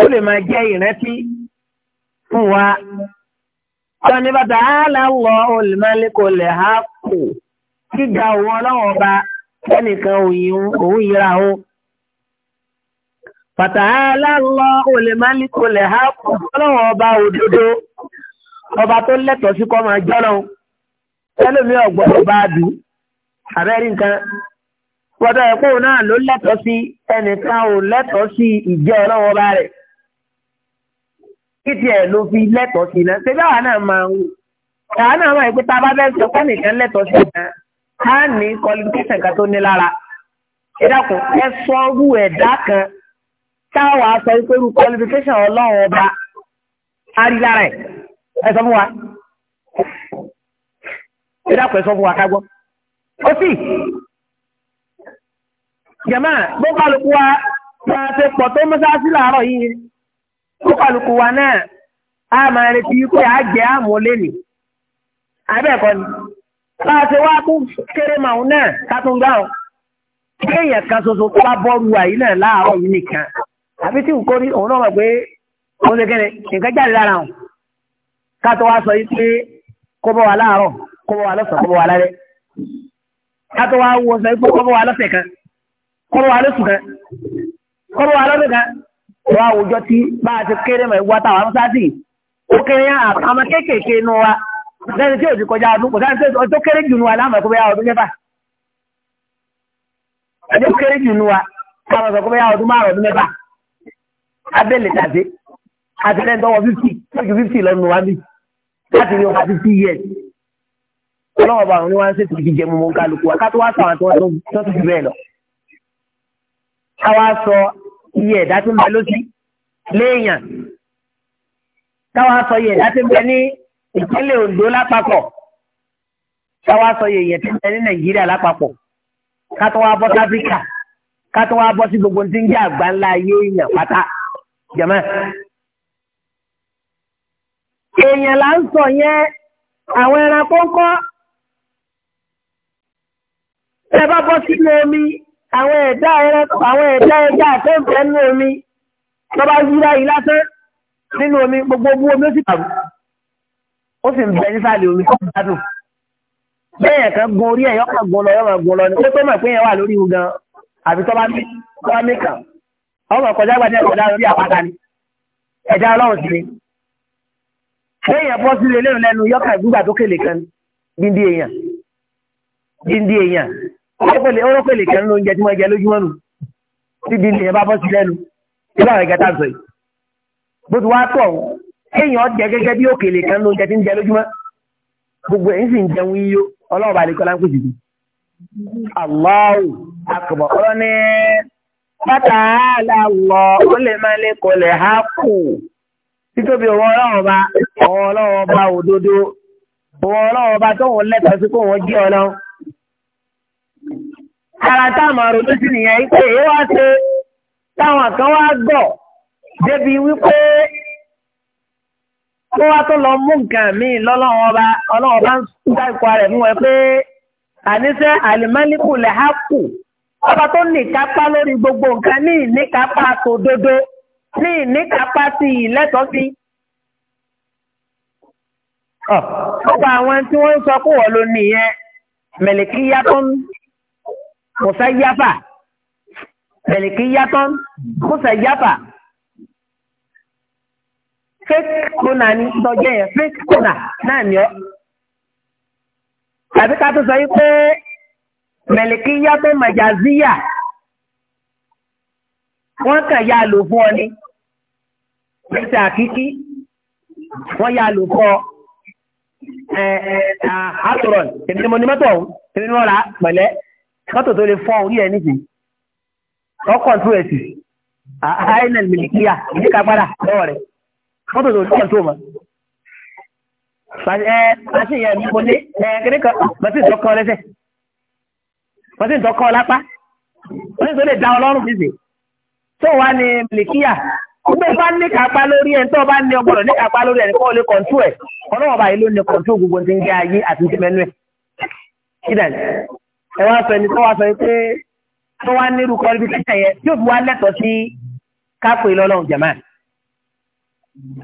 Speaker 1: ó lè máa jẹ́ ìrántí fún wa. sọ́ni bàtà aláwọ̀ olùmọ́lẹ́kọ̀ lè ha kù gíga òun ọlọ́wọ́ ọba ẹnìkan òun yíra o. bàtà aláwọ̀ olùmọ́lẹ́kọ̀ lè ha kù ọlọ́wọ́ ọba òdodo ọba tó lẹ́tọ̀ọ́ sí kọ́ máa jọ́lọ́ ẹlòmíràn gbọ́dọ̀ bá a dùn àbẹ́rí nǹkan wọ́tọ̀ ẹ̀kọ́ náà ló lẹ́tọ̀ọ́ sí ẹnìkan ò lẹ́tọ̀ọ́ sí ìjẹ́ ọlọ́wọ́ bá rẹ̀ títí ẹ̀ ló fi lẹ́tọ̀ọ́ sí náà ṣé báwa náà máa ń ṣàá náà máa ń pé tá a bá fẹ́ sọ pẹ́nìkan lẹ́tọ̀ọ́ sí náà á ní qualification kan tó ní lára ẹ dákun ẹ sọrú ẹ̀dá kan táwa sọ pé irú qualification ọlọ́run ọba á rí lára ẹ̀ ẹ sọ fún wa ẹ dákun ẹ sọ fún wa ká gbọ́ òsì jẹ̀mọ́ bó kálukú wa bá a ṣe pọ̀ tó mọ́ṣáláṣí làárọ̀ yìí bó kálukú wa náà a máa retí pé a jẹ́ àmúlé nì abẹ́ẹ̀kọ́ ni bá a ṣe wá kú kéré màún náà ká tún gbà ọ́ kan ṣoṣo tó bá bọ́ọ̀lù àyí náà láàárọ̀ yìí nìkan àbí tí nǹkan rí òun náà mọ̀ pé òun ṣe kẹ́lẹ̀ nǹkan jáde lára wọn ká tó sọ yìí pé kó bọ́ wa láàárọ̀ kó bọ́ wa lọ́sàn kó bọ́ wa lálẹ́. kátó wa wọ sọ ikú kọ́bọ̀ wa lọ́sẹ̀ kan kọ́bọ̀ wa lóṣù kan kọ́bọ̀ wa lọ́dún kan a ti kéré mọ̀ ìwà táwọn amúsáàtì ó kéré yá ke kéékèèké inú wa lẹ́ni tí ò ti kọjá ọdún kò sáà tí na kéré jù nù wa láàmú wa wa ọlọ́wọ́ bá àwọn ni wọ́n ń ṣètò jíjẹ mú mú kálukú wa kátó wá sọ àwọn tí wọ́n tó tó fi bẹ́ẹ̀ lọ. káwa sọ iye ẹ̀dá tó ń bẹ lóṣì léèyàn káwa sọ iye ẹ̀dá tó ń bẹ ní ìpínlẹ̀ Ondo lápapọ̀ káwa sọ iye ẹ̀yẹ tó ń bẹ ní Nàìjíríà lápapọ̀ kátó wá bọ́ sáfíríkà kátó wá bọ́ sí gbogbo tí ń jẹ́ àgbá ńlá ayé èèyàn pátá jẹ̀mọ́. èèyàn là ń sọ yẹn àwọn ẹran kọ́ńkọ́ tẹ́ bá bọ́ sínú omi àwọn ẹ̀dá ẹranko àwọn ẹ̀dá ẹja àtẹ́ǹtẹ́ nínú omi tó bá yíra yìí lásán nínú omi gbogbo owó omi ó sì pàrọ̀ ó sì ń bẹ nísàlẹ̀ omi tó gbádùn bẹ́ẹ̀ kan gun orí ẹ̀ yọkàn gun lọ yọkàn gun lọ ni ó tó mọ̀ pé yẹn wà lórí ihu gan àbí tó bá mí tó bá mí kàn ọmọ kọjá gbàdé ẹ̀kọ́dá lórí àpáta ni ẹ̀dá ọlọ́run sì ni bẹ́ẹ̀ bọ́ sílé lẹ́nu lẹ́nu yọkàn gbígbà tó kélé kan díndín èèyàn díndín èèyàn ọlọ́pẹ̀lẹ̀ kẹrin ló ń jẹ tí wọ́n jẹ lójúmọ́ nù síbi ilé yẹn bá bọ́ sí lẹ́nu nígbà rẹ̀ kẹta sọ yìí bó ti wá tọ̀ èèyàn jẹ gẹ́gẹ́ bí òkèlè kan ló ń jẹ tí ń jẹ lójúmọ́ gbogbo èyí sì ń jẹun yíyó ọlọ́run bá lè kọ́ láńkù jìbì Allahu akbar ọ̀rọ̀ ní bàtà àlàlọ́ ó lè má lè kọ́ lè há kù títóbi òun ọlọ́run bá òun ọlọ́run bá òdodo ara táwọn àròlé sí nìyẹn yìí pé èyí wá ṣe táwọn kan wá gbọ́ débi wípé kó wá tó lọ mú nǹkan míì lọ́lọ́wọ́ ọba ọlọ́wọ́ bá ń dá ikọ̀ rẹ̀ fún ẹ pé àníṣe àlìmọ́lìkù lẹ̀ há kù ọba tó ní ìkápá lórí gbogbo nǹkan ní ìníkápá tòdodo ní ìníkápá ti ìlẹ́tọ̀ọ́ sí. ọ̀pọ̀ àwọn tí wọ́n ń sọ kó wọ́n ló nìyẹn mẹ̀lẹ́kí yá tó ń mùsàyáfà mẹ̀lìkíyátọ́ mùsàyáfà fake kona ní tọ́jẹ́ yẹn fake kona náà ni ọ́ tàbí ká tó sọ yí pé mẹ̀lìkíyátọ́ màjàzíyà wọ́n kàn yá lò fún ọ ni níta àkíkí wọ́n yá lò fún ọ ẹ̀ ẹ̀ àtúrọ̀ tèmi ni mo ní mọ́tò ọ̀hún tèmi ni wọ́n rà pẹ̀lẹ́ mọ́tò tó lè fọ́ orí ẹ̀ nísìn ọkọ̀ tó ẹ̀sì àìlẹ̀n mìlìkíyà ìdíkà padà lọ́wọ́ rẹ̀ mọ́tò tó lè tó mọ́. Màṣí yẹn mo lé kékeré kan màṣí ìtọ́kọ́ lẹ́sẹ̀ màṣí ìtọ́kọ́ lápá màṣí tó lè da ọlọ́run fèsì tó wà ní mìlìkíyà gbogbo bá ní kápá lórí ẹ̀ tó bá ní ọgbọ̀dọ̀ ní kápá lórí ẹ̀ ní kọ́ lè kọ̀ntú ẹ̀ ọlọ́wọ́ báyìí ló ní kọ̀ntú gbogbo ti ń gé ayé àti ti mẹ́nu ẹ̀ ẹ wá sọ ẹni tó wá sọ yìí pé tó wá nírú qualification yẹn tí ó fi wá lẹ́tọ̀ọ́ sí kápò ìlọ́lọ́run jẹ̀má.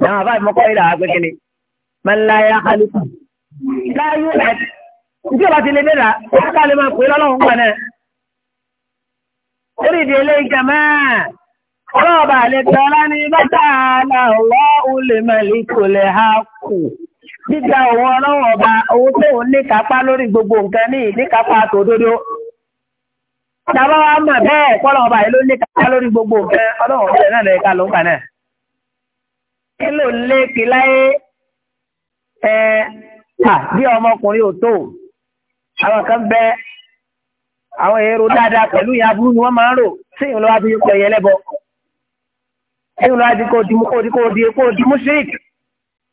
Speaker 1: àwọn àbá ìmọ̀kọ́ ìlà agbègbè ni máa ń láyé rẹ̀ tí ó ti lè dé rà ó ká lè máa pè lọ́lọ́run gbọ̀n náà. orí ìdí ilé jẹ̀má ọlọ́ọ̀bà lè tọ́lá ní bàtà àlọ́ òlè màlíkò gbígba òun ọlọ́wọ́ ọba òun tó òun ní gbogbo nǹkan ní ìníkápá tòdodo. Tàbá wa mọ̀ bẹ́ẹ̀ kọ́lọ̀ ọba yìí ló ní lórí gbogbo nǹkan ọlọ́wọ́ ọba náà lè ka ló ń náà. Kí ló lé kí láyé ẹ bí ọmọkùnrin ò tó àwọn kan bẹ àwọn èrò dáadáa pẹ̀lú ìyá burú ni wọ́n máa ń rò sí ìlú wa pẹ̀yẹ Ìlú wa kò kò kò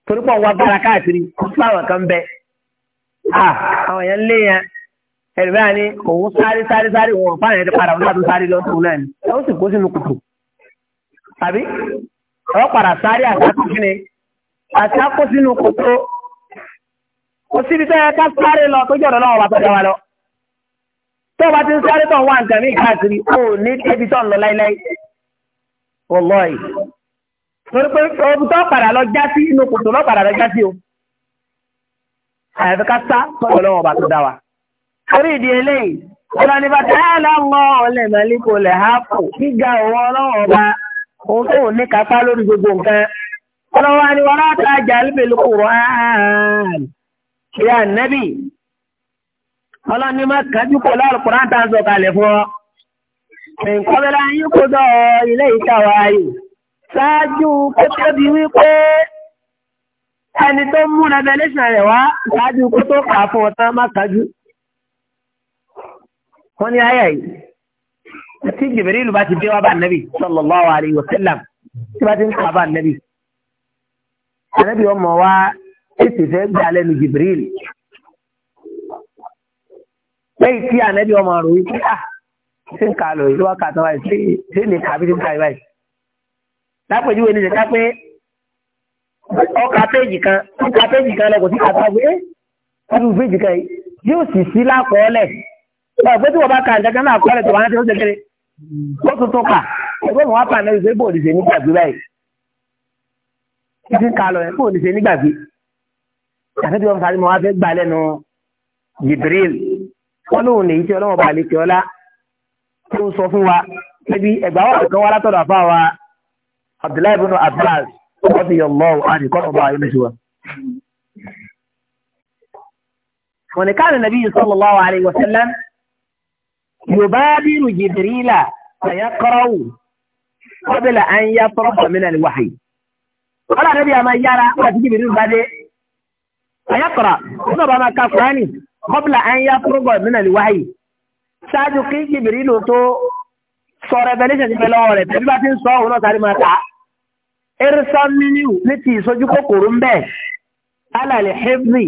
Speaker 1: torí pọ̀ wá bára káàkiri fáwọn kan bẹ àwọn èèyàn lé yẹn ẹ̀rùbẹ́ àní òun sáré sáré sáré wọn fáwọn èèyàn ti padà wọn láti sáré lọ́sùn náà ni ó sì kó sínú kùtù àbí ọ̀rọ̀ padà sáré àtàkùn ni àti á kó sínú kùtù kò síbi tẹ́ ẹ ká sáré lọ tó jọ̀rọ̀ náà wà tó jọ wa lọ tó bá ti ń sáré tó ń wá nǹkan ní káàkiri ó ní débi tó ń lọ láíláí wọ́n lọ́ọ̀ yìí torí pé ọdún tó padà lọ já sí inú kòtò lọ padà lọ já sí o àyàfi ká sá sọ́dọ̀ lọ́wọ́ ọba tó dá wa torí ìdí eléyìí ọlọ́run ní bàtà ẹ̀ lọ́wọ́ ọ̀lẹ̀ mẹ́líkò lẹ̀ hápò gíga òun ọlọ́wọ́ ọba òun tó ní kápá lórí gbogbo nǹkan ọlọ́wọ́ ni wọn láta ajá lébèlú kúrò áhàn ìyá nẹ́bì ọlọ́run ní má kájú kó lọ́rùn kúrò áhàn tá a sọ kalẹ̀ fún ọ nǹkan bẹ́ẹ̀ láyé ṣáájú kó tó di wípé ẹni tó mú revelation rẹ̀ wá ṣáájú kó tó kà á fún ọ̀tá má kájú. wọ́n ní ayé yìí tí Jibril bá ti dé wá bá nàbì sallallahu alayhi wa sallam tí bá ti ń kà bá nàbì. ànábì ọmọ wa tètè fẹ́ gbà lẹ́nu Jibril. lẹ́yìn tí ànábì ọmọ rò wípé ah ṣé ń kà á lò yìí ló wá kà á tán báyìí ṣé ṣé kà bí ṣe ń kà á báyìí lápèjúwe ní ìṣẹ̀ká pé ọkà péjì kan ọkà péjì kan lọ kò sí kàtà pé ọdún eh, péjì kan yóò sì sí lákọọ́lẹ̀ ọ̀pẹ́ tí wọ́n bá ka ìjọba náà kọ́lẹ̀ tó wà ní ọjọ́ kékeré ó tún tún kà ẹgbẹ́ mi wá pa ní ìṣe bò ní ṣe nígbàgbé báyìí títí ká lọ ẹ bò ní ṣe nígbàgbé àti tí wọ́n fari mọ́ wá fẹ́ gbà lẹ́nu Jibril wọ́n lóun lè yí tí ọlọ́wọ́ bá lè tẹ́ ọlá tó sọ fún wa ẹbí ẹgbàá wà kan wá látọ̀dọ̀ àfáà wa abdullahi ibn abbas radiyallahu anhu kọ́nà bá ayé lóṣù wa. wọ́n ni káàdì nàbí sallallahu alayhi wa sallam yubadiru jibrila fayaqra'u qabla an yafraga min al-wahyi. wọ́n àdébí àmà yára wọ́n àti jibril bá dé fayaqra wọ́n náà bá máa ka kúránì qabla an yafraga min al-wahyi. ṣáájú kí jibril tó sọ revelation ti fẹ́ lọ́wọ́ rẹ̀ tẹ̀bí bá ti ń sọ òun náà sáré máa ta erisan miniu ní ti ìsojú kòkòrò ń bẹ̀ alàlẹ̀ hebron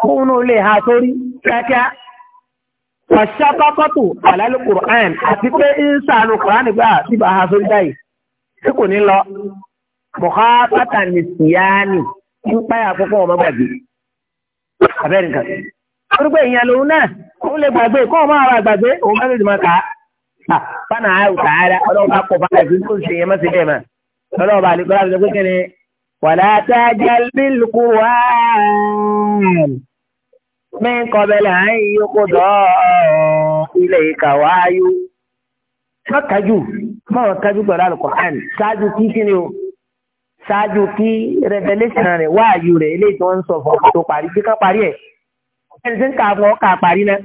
Speaker 1: kóun náà lè ha sórí kíákíá fàṣàpápátò àlálẹ́ quran àti pé ń sànù quran gbà síbà ha sórí báyìí tí kò ní lọ mọ̀hápátà ní síyáni ń páyà púpọ̀ ọmọ gbàgbé abẹ́rìnkan. orúkọ ìyẹn náà ó lè gbàgbé kó o máa wà gbàgbé òun bá lè dì máa kà á fana ayò tààrà ọlọ́run bá kọ̀ fún àìsí tó ń ṣe yẹn mọ́sí bẹ́ẹ̀ máa ọlọ́run bá nípa láti sọ pé kí ni wàlá tájà bílùkù wá mí kọ́bẹ̀lẹ̀ àyìn yókò dọ́ ilé ìkà wáyú. mọ́kájú mọ́wọ́n kájú pẹ̀lú alukur'an ṣáájú kí kí ni o ṣáájú kí revelation rẹ̀ wáyú rẹ̀ eléyìí tí wọ́n ń sọ fún ọkọ̀ tó parí kí ká parí ẹ̀ ẹni tí ń kà fún ọkà parí náà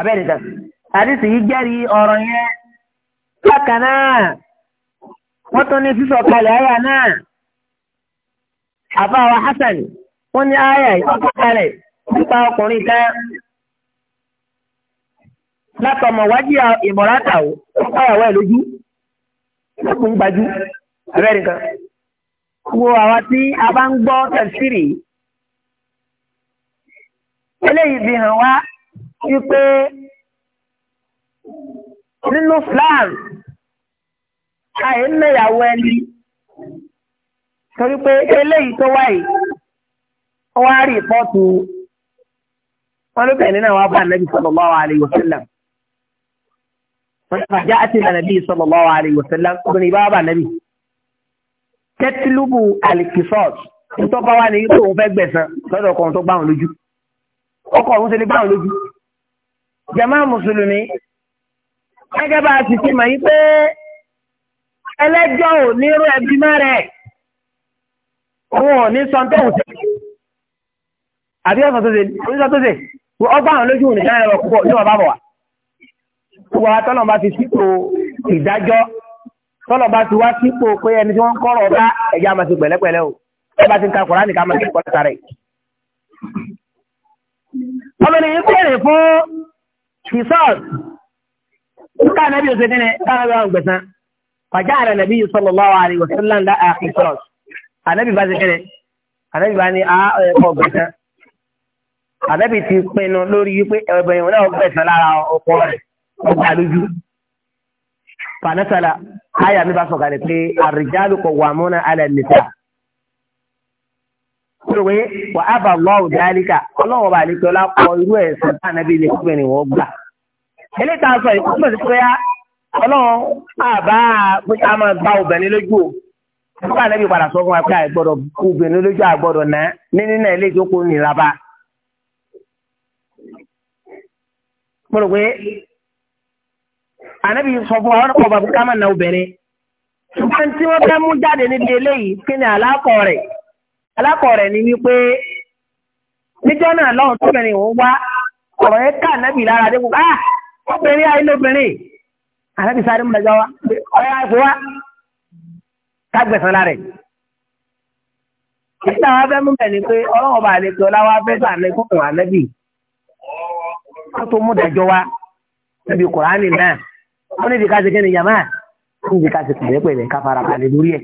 Speaker 1: abẹ́rẹ́ àdìsí yìí jẹ́rìí ọ̀rọ̀ yẹn bákan náà wọ́n tún ní sísọ kalẹ̀ àyà náà àbáwá Hasan wọ́n ní àyà ọkọ̀ kalẹ̀ nípa ọkùnrin kan látọmọ wájú ìmọ̀ràtà ó káyàwó ẹ̀ lójú lọ́kùn gbajú abẹ́rẹ́ nǹkan wo àwa tí a bá ń gbọ́ tẹ̀sírì eléyìí fi hàn wá wípé nínú Islam àì mẹ́yàwó ẹni torí pé eléyìí tó wáyé ó wá rí ìpọ́tù wọn ló bẹ̀rẹ̀ náà wá bá nàbí sallallahu alaihi wasallam fàjá àti nàbí sallallahu alaihi wasallam obìnrin bá bá nàbí tẹ́tìlúbù alikisọ́ọ̀t tó bá wà ní ipò òun fẹ́ gbẹ̀sán lọ́dọ̀ ọkọ̀ tó gbà wọn lójú ọkọ̀ òun ti lè gbà wọn lójú jàmáà mùsùlùmí gẹ́gẹ́ bá a sì ti mọ̀ yí pé ẹlẹ́jọ́ ò ní irú ẹbí mẹ́rẹ̀ òun ò ní sọ́n tó wù sí àbí ọ̀sán tó ṣe oníṣọ́ tó ṣe ọgbà àwọn lójú òní sáré lọ púpọ̀ yóò bá bọ̀ wá. gbogbo àwọn tọ́lọ̀ bá ti sípò ìdájọ́ tọ́lọ̀ bá ti wá sípò pé ẹni tí wọ́n ń kọ́rọ̀ bá ẹ̀yà máa ti pẹ̀lẹ́pẹ̀lẹ́ o ẹ bá ti ń ka kọ̀ọ̀rá nìkan máa ti kọ́ sáré. ọmọ nìyí bẹ̀rẹ̀ fún ìsọ́ọ̀sì ká nàbí ọ̀sẹ̀ kẹ́nẹ̀ ká nàbí àwọn gbẹ̀sán pàjá àrẹ nàbí sallallahu alaihi wa sallam ńlá àfi cross ànábì bá ṣe kẹ́nẹ̀ ànábì bá ní a ẹ̀kọ́ gbẹ̀sán ànábì ti pinnu lórí wípé ẹ̀bẹ̀ ìwọ̀n náà gbẹ̀sán lára ọkọ rẹ̀ ọgbà lójú fanasala aya mi bá sọ̀kalẹ̀ pé ar-rijalu qawwamuna 'ala an-nisa pé wà á lọ́wọ́ dálíkà ọlọ́wọ́ bá ilé ìta sọ yìí kúmọ̀ sí pé ọlọ́run àbá a máa gba obìnrin lójú o nígbà náà bí padà sọ fún wa pé àìgbọ́dọ̀ kú obìnrin lójú àgbọ́dọ̀ náà ní nínú ilé ìjókòó nìlá bá. mo rò pé ànábì sọ fún wa wọn kọ bàbá ká máa na obìnrin ṣùgbọ́n tí wọ́n fẹ́ mú jáde níbi eléyìí kí ni àlákọ̀ rẹ̀ àlákọ̀ rẹ̀ ni wípé níjọ́ náà lọ́hùn tóbìnrin òun wá ọ̀rọ̀ yẹn ká ànábì lára dé kó ah obìnrin àìlóbìnrin àti sáré mọ̀lẹ́gbà wa ọ̀yà ẹ̀fọ́ wa kágbẹ̀sán lára ẹ̀. Ìgbà wa fẹ́ mú bẹ̀ ni pé ọlọ́run ọba àlejò ọlá wa fẹ́ sàánú ìkókò ànẹ́bì. Wọ́n tó mú dájọ́ wa níbi Kùránì náà. Wọ́n níbi ká ṣe kí ni yàmá. Wọ́n níbi ká ṣe pẹ̀lẹ́ pẹ̀lẹ́ ká fara balẹ̀ lórí ẹ̀.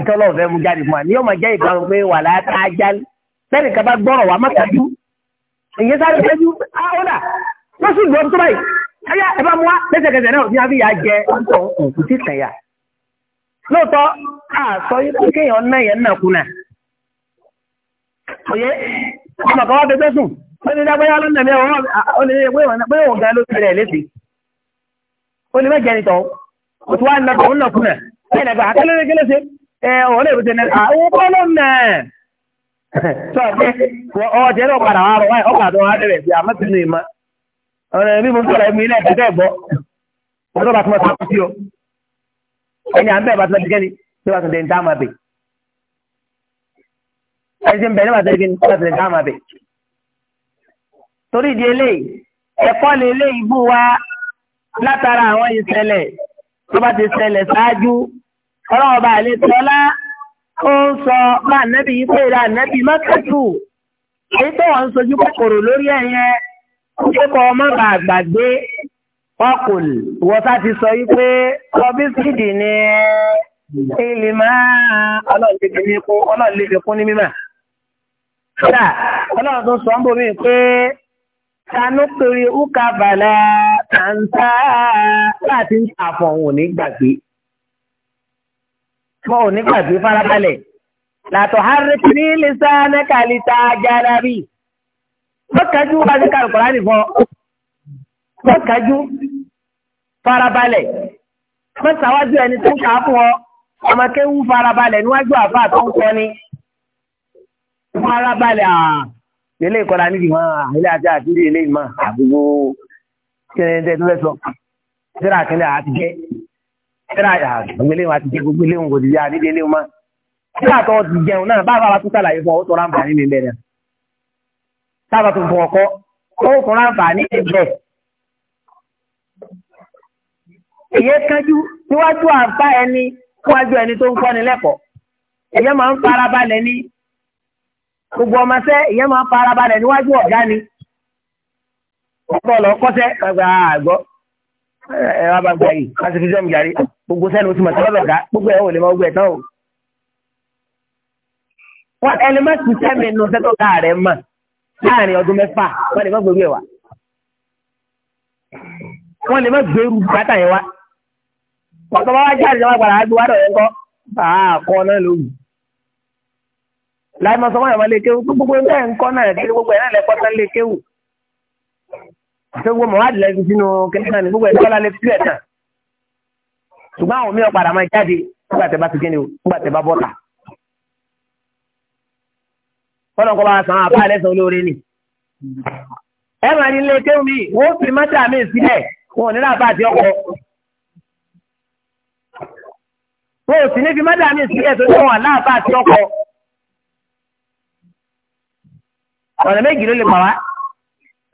Speaker 1: Ìtọ́lọ̀ ọ̀fẹ́ mú jáde fún wa. Ní ọmọ jẹ́ ìgbàlù pé wà láta já lẹ́nìkan bá gbọ́rọ̀ wa mọ́tàjú. Ìyẹn sáré tẹ́jú. Ah, ó dà, wọ́n sì gbọ́ tó báyìí. ẹyà ẹ bá wa lẹ́sẹ̀kẹsẹ̀ náà bí wọ́n yà jẹ ọ̀tọ̀ òkú sí kẹyà lóòótọ́ a sọ kéèyàn náà yẹn náà kùnà òye ọmọ kan wá fi gbẹ́sùn ó ní dágbéyà ló nà mí ọ ní gan ló ti rẹ̀ ó ní nà nà akẹ́lẹ́lẹ́ ọ lè ló sọ ọ̀rọ̀ ẹ̀mí mo ń sọ̀rọ̀ ẹ̀mí ilé ẹ̀dẹ́gbẹ́ ẹ̀gbọ́ ọ̀dọ́ bá tún ọ̀sán sí o ẹni à ń bẹ̀ bá tún ọ̀sán gẹ́ni tí wàá tún dẹ̀ ń dá máa bẹ̀ ń bẹ̀ ní wàá tún dẹ̀ ń dá máa torí ìdí eléyìí ẹ̀kọ́ lè lé ìbú wa látara àwọn ìṣẹ̀lẹ̀ tó bá ti ṣẹlẹ̀ ṣáájú ọlọ́wọ́ bá lè tọ́lá ó ń sọ máa nẹ́bí yìí pé ìlànà kíkọ́ ọmọ bá gbàgbé ọkùn wọ́sá ti sọ yí pé ọbísìdì ni ilé máa ọlọ́run lè kún ní mímà. Kódà ọlọ́run tó sọ ń bomi pé tanú pèrè úkà bàlá tàǹtà láti ń àfọ̀n òní gbàgbé. Wọ́n ò ní gbàgbé farabalẹ̀. Làtọ̀ hárí kìí lè sá nẹ́kàlítà jára bíi mọ́kájú wá sí kàlùkọ́lá nìkan mọ́kájú farabalẹ̀ mọ́sáwájú ẹni tó ń kà á fún ọ ọmọ kéwú farabalẹ̀ níwájú àfáà tó ń kọ́ ni farabalẹ̀ àà ilé ìkọ́lá níbi mọ́ ilé àti àtúndì ilé ìmọ̀ àbúgbò kẹrẹ̀ẹ́dẹ́ tó fẹ́ sọ síra àkíndà àti jẹ́ síra àgbègbè léwọn àti jẹ́ gbogbo léwọn kò ti jẹ́ àdídé léwọn mọ́ síra àtọ́ ti jẹun náà bá a bá wa tún sàlàyé fún ọ ó tọ́ra ń bà nínú ilé sábà tó fún ọkọ láǹfààní níwájú àǹfà ẹni níwájú ẹni tó ń kọ́ni lẹ́kọ̀ọ́ máa ń ní gbogbo máa ń níwájú ọ̀gá ni lọ kọ́sẹ́ ẹ wá bá yìí fi gbogbo o gbogbo lè máa gbẹ tán o. wọ́n ẹni má láàrin ọdún mẹ́fà wọ́n lè má gbèrú ẹ̀ wá wọ́n lè má gbèrú bàtà yẹn wá pàtó bá wá jáde lọ́wọ́ padà á gbé wá dọ̀yẹ́ ńkọ́ bàá kọ́ náà lóyún láì máa sọ wọ́n yàn máa lè kéwù tó gbogbo ẹ̀ ńkọ́ náà kéwù gbogbo ẹ̀ náà lẹ́kọ́ tán lè kéwù àti gbogbo mọ̀wádì lẹ́yìn sínú kẹ́kẹ́ ní gbogbo ẹ̀ tọ́lá lè fílẹ̀ tán ṣùgbọ́n àwọn mí kọ́lọ́kọ́ bá san àbá ẹlẹ́sàn olóore ni. ẹ máa ní ilé kéwù mi wọ́n fi mọ́tà mi sílẹ̀ wọn ò ní lábá àti ọkọ̀. wọn ò sì ní fi mọ́tà mi sílẹ̀ tó ní wọn lábá àti ọkọ̀. ọ̀nà méjì ló lè pa wá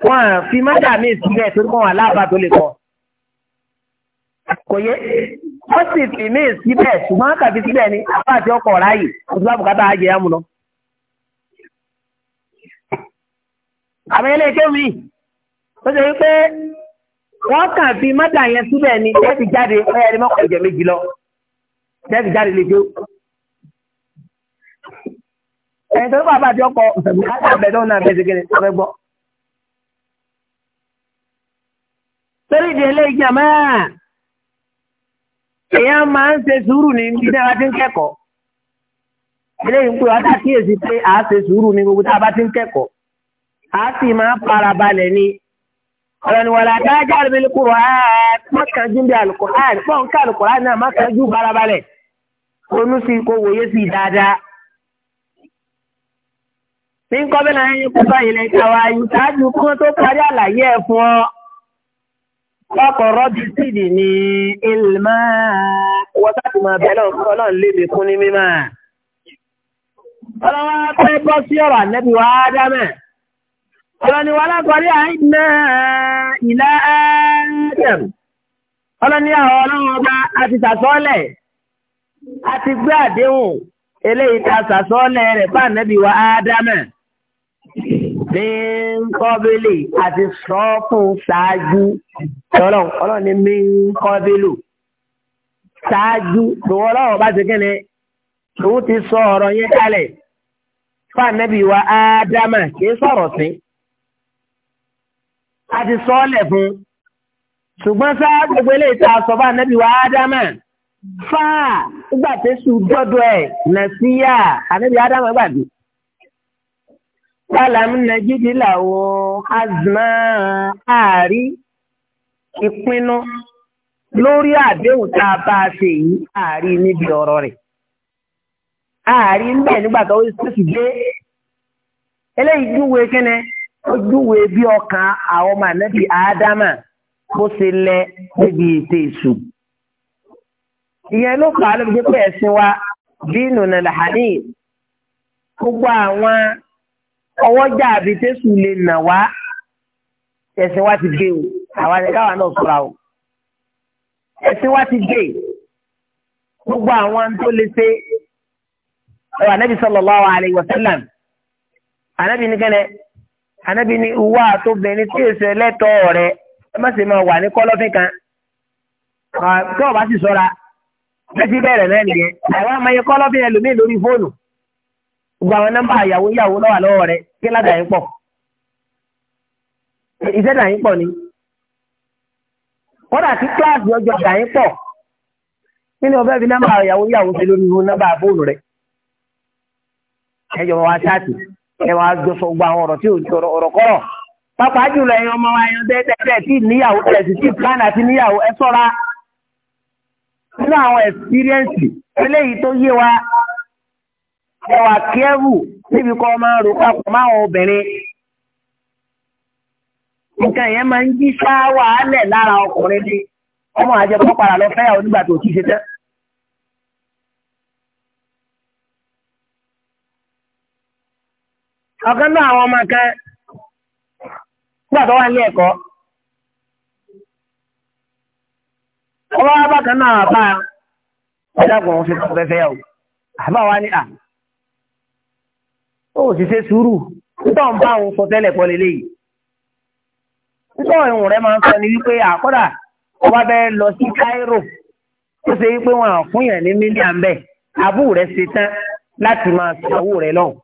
Speaker 1: wọn fi mọ́tà mi sílẹ̀ tó ní wọn lábá tó lè kọ̀. kò yé wọ́n sì fi mí síbẹ̀ ṣùgbọ́n kàfi síbẹ̀ ni àbá àti ọkọ̀ ráàyè òtún bá bùkátà á jẹ́ àmúná. àwọn ilé ìké mi ó ṣe wípé wọ́n kàn fi mọ́tà yẹn síbẹ̀ ni tẹ́ẹ̀tì jáde ọ̀yà ni mọ́kàn ìjẹ̀ méjì lọ tẹ́ẹ̀tì jáde lè jó. ẹ̀yin tó ń bàbá àti ọkọ̀ àgbẹ̀ tó ń nà bẹ́ẹ̀ ṣègbè ọ̀fẹ́ gbọ́. torí ìdí ilé ìjà máa èèyàn máa ń ṣe sùúrù ní ibi tí a bá ti ń kẹ́kọ̀ọ́ eléyìí ń pè wá tá a kíyèsí pé à á ṣe sùúrù ní gbogbo tá a bá ti ń kẹ́kọ̀ọ́ a sì máa farabalẹ̀ ni ọ̀rọ̀ni wàlá dájá rẹ̀ bíi kúrò mọ́kànjú bí alukur'an pọ́n ká alukur'an náà mọ́kànjú farabalẹ̀ onú sí kó wòye sí dáadáa. ní kọ́bílà yẹn kó bá ilẹ̀ ìtawà ìtajú kún tó parí àlàyé ẹ̀ fún ọ. ọkọ̀ rọ́bì sídì ní ilmá wọ́n sáàtì máa bẹ̀rẹ̀ ọ̀kọ́ náà lébi kún ní mímá. ọlọ́wọ́ pẹ́ bọ́ sí ọ̀rọ̀ ànẹ́bí wa ádámẹ́ ọlọ́ni wà lákọrí àìdínà ìlà ẹ́ẹ̀dẹ̀m ọlọ́ni àwọn ọlọ́run ọba àti sàsọ́ọ̀lẹ̀ àti gbé àdéhùn eléyìí ta sàsọ́ọ̀lẹ̀ rẹ̀ bá wa ádámẹ̀ ní kọ́bílì àti sọ́ọ̀fún ṣáájú ọlọ́run ọlọ́ni mí kọ́bílù ṣáájú tòun ọlọ́run bá ti kíni tòun ti sọ ọ̀rọ̀ yẹn kalẹ̀ fún wa ádámẹ̀ kì í sọ̀rọ̀ sí i a ti sọ ọ́ lẹ̀ fún ṣùgbọ́n sá gbogbo eléyìí tá a sọ bá nẹ́bí wa ádámà fáà nígbà tó sùn dọ́dọ̀ ẹ̀ nà sí yá ànẹ́bí ádámà gbàgbé. Bálàm Nàìjíríà làwọn azmà àárí ìpinnu lórí àdéhùn tá a bá a ṣe yìí àárí níbi ọ̀rọ̀ rẹ̀. Àárí ń bẹ̀ nígbà tó sùn dé. Eléyìí júwe kẹ́nẹ́. ojúwe bí ọka àwọn ọmọ ànábì ádámà bó ṣe lẹ níbi ètò èṣù. ìyẹn ló fà á lóbi jẹ́ pé ẹ̀sìn wa dínú nà làhání gbogbo àwọn wa ti dé o wa ti dé gbogbo àwọn tó lè ṣe ẹ̀wà ànábì sallallahu alaihi ànábì anábì ní ìwà àtòbìnrin tí èso ẹlẹ́tọ̀ọ́ rẹ ẹ má sì máa wà ní kọ́lọ́fín kan tó o bá sì sọ́ra bẹ́ẹ̀ bẹ̀rẹ̀ náà nìyẹn àwọn ọmọ yẹn kọ́lọ́fín ẹlòmíì lórí fóònù gbogbo àwọn nọ́mbà ìyàwó ìyàwó lọ́wọ́ lọ́wọ́ rẹ kí ládà yín pọ̀ iṣẹ́ dà yín pọ̀ ni kódà tí kíláàsì ọjọ́ dà yín pọ̀ nínú ọbẹ̀ fi nọ́mbà ìyàwó ìyàwó ṣe lórí nọ́mbà fóònù rẹ ẹjọ́ wa ṣáàtì. ẹ wàá gba ọ̀rọ̀ tí ò jọ ọ̀rọ̀ kọ́rọ̀ pápá jùlọ ẹ̀yin ọmọ wa ẹ̀yin dẹ́dẹ́dẹ́ tí níyàwó tẹ̀ sí tí plan àti níyàwó ẹ sọ́ra nínú àwọn experience eléyìí tó yé wa níbi obìnrin nǹkan yẹn máa ń jí á lẹ̀ lára ọkùnrin ni ọmọ àjẹpọ̀ padà lọ fẹ́yàwó nígbà ọ̀kan náà àwọn ọmọ kan nígbà tó wà ní ẹ̀kọ́ ọwọ́ abákan náà bá ẹ̀dàgbọ̀n fi kọ́ fẹ́fẹ́ o àbá wa ní à ó sì ṣe sùúrù nítorí ń bá òun sọ tẹ́lẹ̀ pọ̀ lélẹ́yìí nítorí òun rẹ̀ máa ń sọ ni wípé àkọ́dà ọba bẹ́ẹ̀ lọ sí Cairo ó ṣe wípé wọn à ní mílíọ̀nù bẹ́ẹ̀ àbúrò ṣe tán láti máa ṣàwó rẹ̀ lọ́wọ́.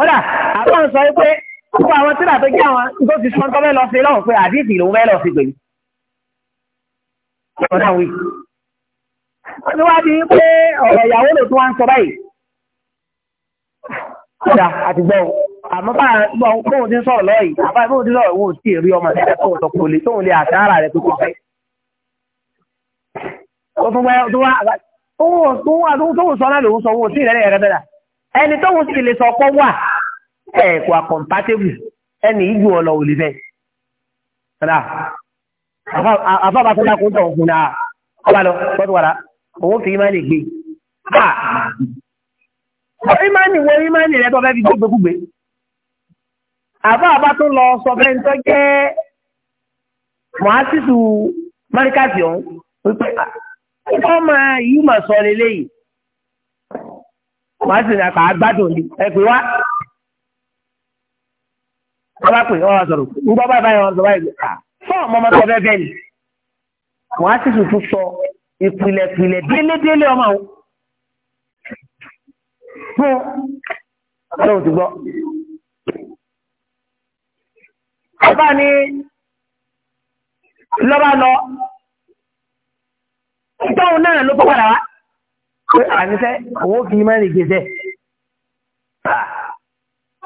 Speaker 1: kódà àbọ̀ ń sọ pé gbogbo àwọn tíra tó jẹ́ àwọn tó ti sọ tọ́lẹ́ lọ sí lọ́hùn pé àdìsí lòún fẹ́ lọ sí pẹ̀lú. ọ̀nà wí. wọ́n ti wá di pé ọ̀rọ̀ ìyàwó ló tún wá ń sọ báyìí. kódà àtìgbọ́ àmọ́ bá bóun ti ń sọ̀rọ̀ lọ́ọ̀ yìí àbá bóun ti sọ̀rọ̀ òun sì rí ọmọ ẹ̀ka tó sọ kò lè tóun lè àtàrà rẹ̀ tó kọ̀ fẹ́. ó tún wá tó wá tó wà tó sọ náà lòún sọ òun sì rẹ̀ rẹ̀ rẹ̀ bẹ̀rẹ̀ ẹni tó wù sí lè sọ pọ́ wà ẹ̀ kò àkọ̀mpátébù ẹni ìjù ọ̀lọ́ òlì fẹ́. àfọ̀bà tó dákun tọ̀ ọ̀hún náà ọba lọ bọ́dù wàrà òun fi ìmánì gbé. ìmánì wo ìmánì rẹ tó fẹ́ fi gbégbégbé. àfọ̀bà tó lọ sọ fẹ́ tó jẹ́ mọ̀ásísù mọ́ríkàsì ọ̀hún wípé ọmọ yìí mà sọ lélẹ́yìí màá sì nàkà àgbàdùn ni ẹ pè wá. wọ́n bá pè ọ́ wá sọ̀rọ̀ ńgbọ́ bá báyìí wọn sọ báyìí à fọ́ọ̀mù ọmọ tó fẹ́ẹ́ fẹ́ ni. wọ́n á sì tún tún sọ ìpìlẹ̀pìlẹ̀ délédélé ọmọ àwọn. fún ọlọ́run ti gbọ́. ọba ni lọ́ba lọ. ìtọ́hún náà ló kọ́ padà wá pé àníṣẹ́ àwọn òfin ìmánì gbèsè.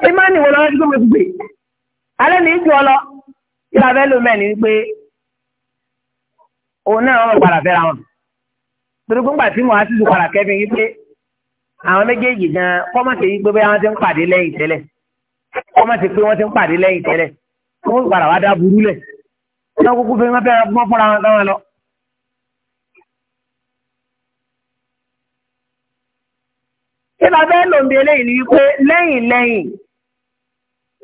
Speaker 1: ìmánì wo lọ́wọ́ tí kò mọ̀ sí gbè alẹ́ ní ìjọ lọ ìlà bẹ́ẹ̀ ló mẹ́rin pé òun náà wọ́n padà fẹ́ra wọn. torí pé ńgbà tí mo á sì tún padà kẹ́fìn yí pé àwọn méjèèjì gan kọ́mọ̀tì yí pé bẹ́ẹ̀ wọ́n ti ń pàdé lẹ́yìn tẹ́lẹ̀ kọ́mọ̀tì pé wọ́n ti ń pàdé lẹ́yìn tẹ́lẹ̀ wọ́n padà wá dá burú lẹ̀ wọ́n kúkú fẹ́ wọ́n fẹ́ra fúnra wọn lọ. tí bá fẹ́ lò ń bi eléyìí ni wípé lẹ́yìn lẹ́yìn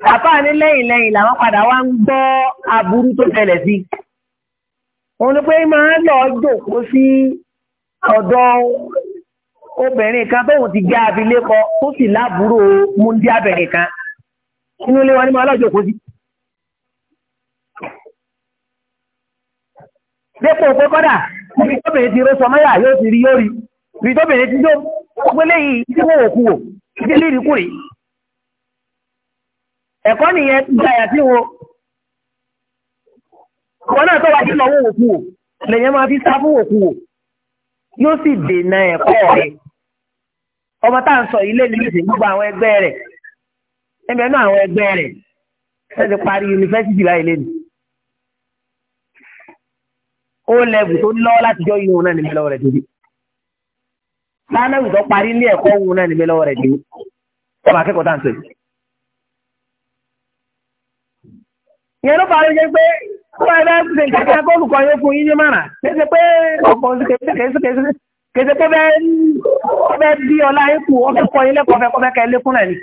Speaker 1: bàbá ní lẹ́yìn lẹ́yìn làwọn padà wá ń gbọ́ aburú tó ṣẹlẹ̀ sí òun ni pé máa ń lọ jòkó sí ọ̀dọ̀ obìnrin kan tóun ti jẹ́ abilékọ tó sì lábúrò múndíábẹ̀rẹ̀ kan inú ilé wọn ni máa lọ jòkó sí. dépò pé kọ́dà níbi tóbìnrin ti ró sọmọ́yà yóò ti rí yóò rí ibi tóbìnrin ti yóò gbogbo eléyìí tí wọ́n òkú wò ìdí lírí kù rí ẹ̀kọ́ nìyẹn gbàyà sí wo wọn náà tó wá sí lọ́wọ́ òkú wò lèyẹn máa fi sá fún òkú wò yóò sì dènà ẹ̀kọ́ rẹ̀ ọmọ tá à ń sọ yìí lé nílùú sí gbogbo àwọn ẹgbẹ́ rẹ̀ ẹgbẹ́ náà àwọn ẹgbẹ́ rẹ̀ ẹ parí yunifásitì láyé lẹ́nu ó lẹ́bù tó lọ́ láti jọ́ yìí wọn náà níbi lọ́wọ́ rẹ̀ tó máa náà ìtọ́ parí ilé ẹ̀kọ́ wo náà níbi lọ́wọ́ rẹ̀ dìbò ọmọ akẹ́kọ̀ọ́ tá à ń sọ yìí. ìyẹn ló parí jẹ́ pé kó ẹ bá ṣe kẹ́kẹ́ akọ́lùkọ́ yóò fún yín ní mọ́ra kéṣe pé ọ̀pọ̀ kéṣe pé bẹ́ẹ̀ bẹ́ẹ̀ bí ọlá yín kù ọ̀fẹ́ kọ́ yín lẹ́kọ̀ọ́ fẹ́ kọ́ fẹ́ kẹ́ lékún náà ni.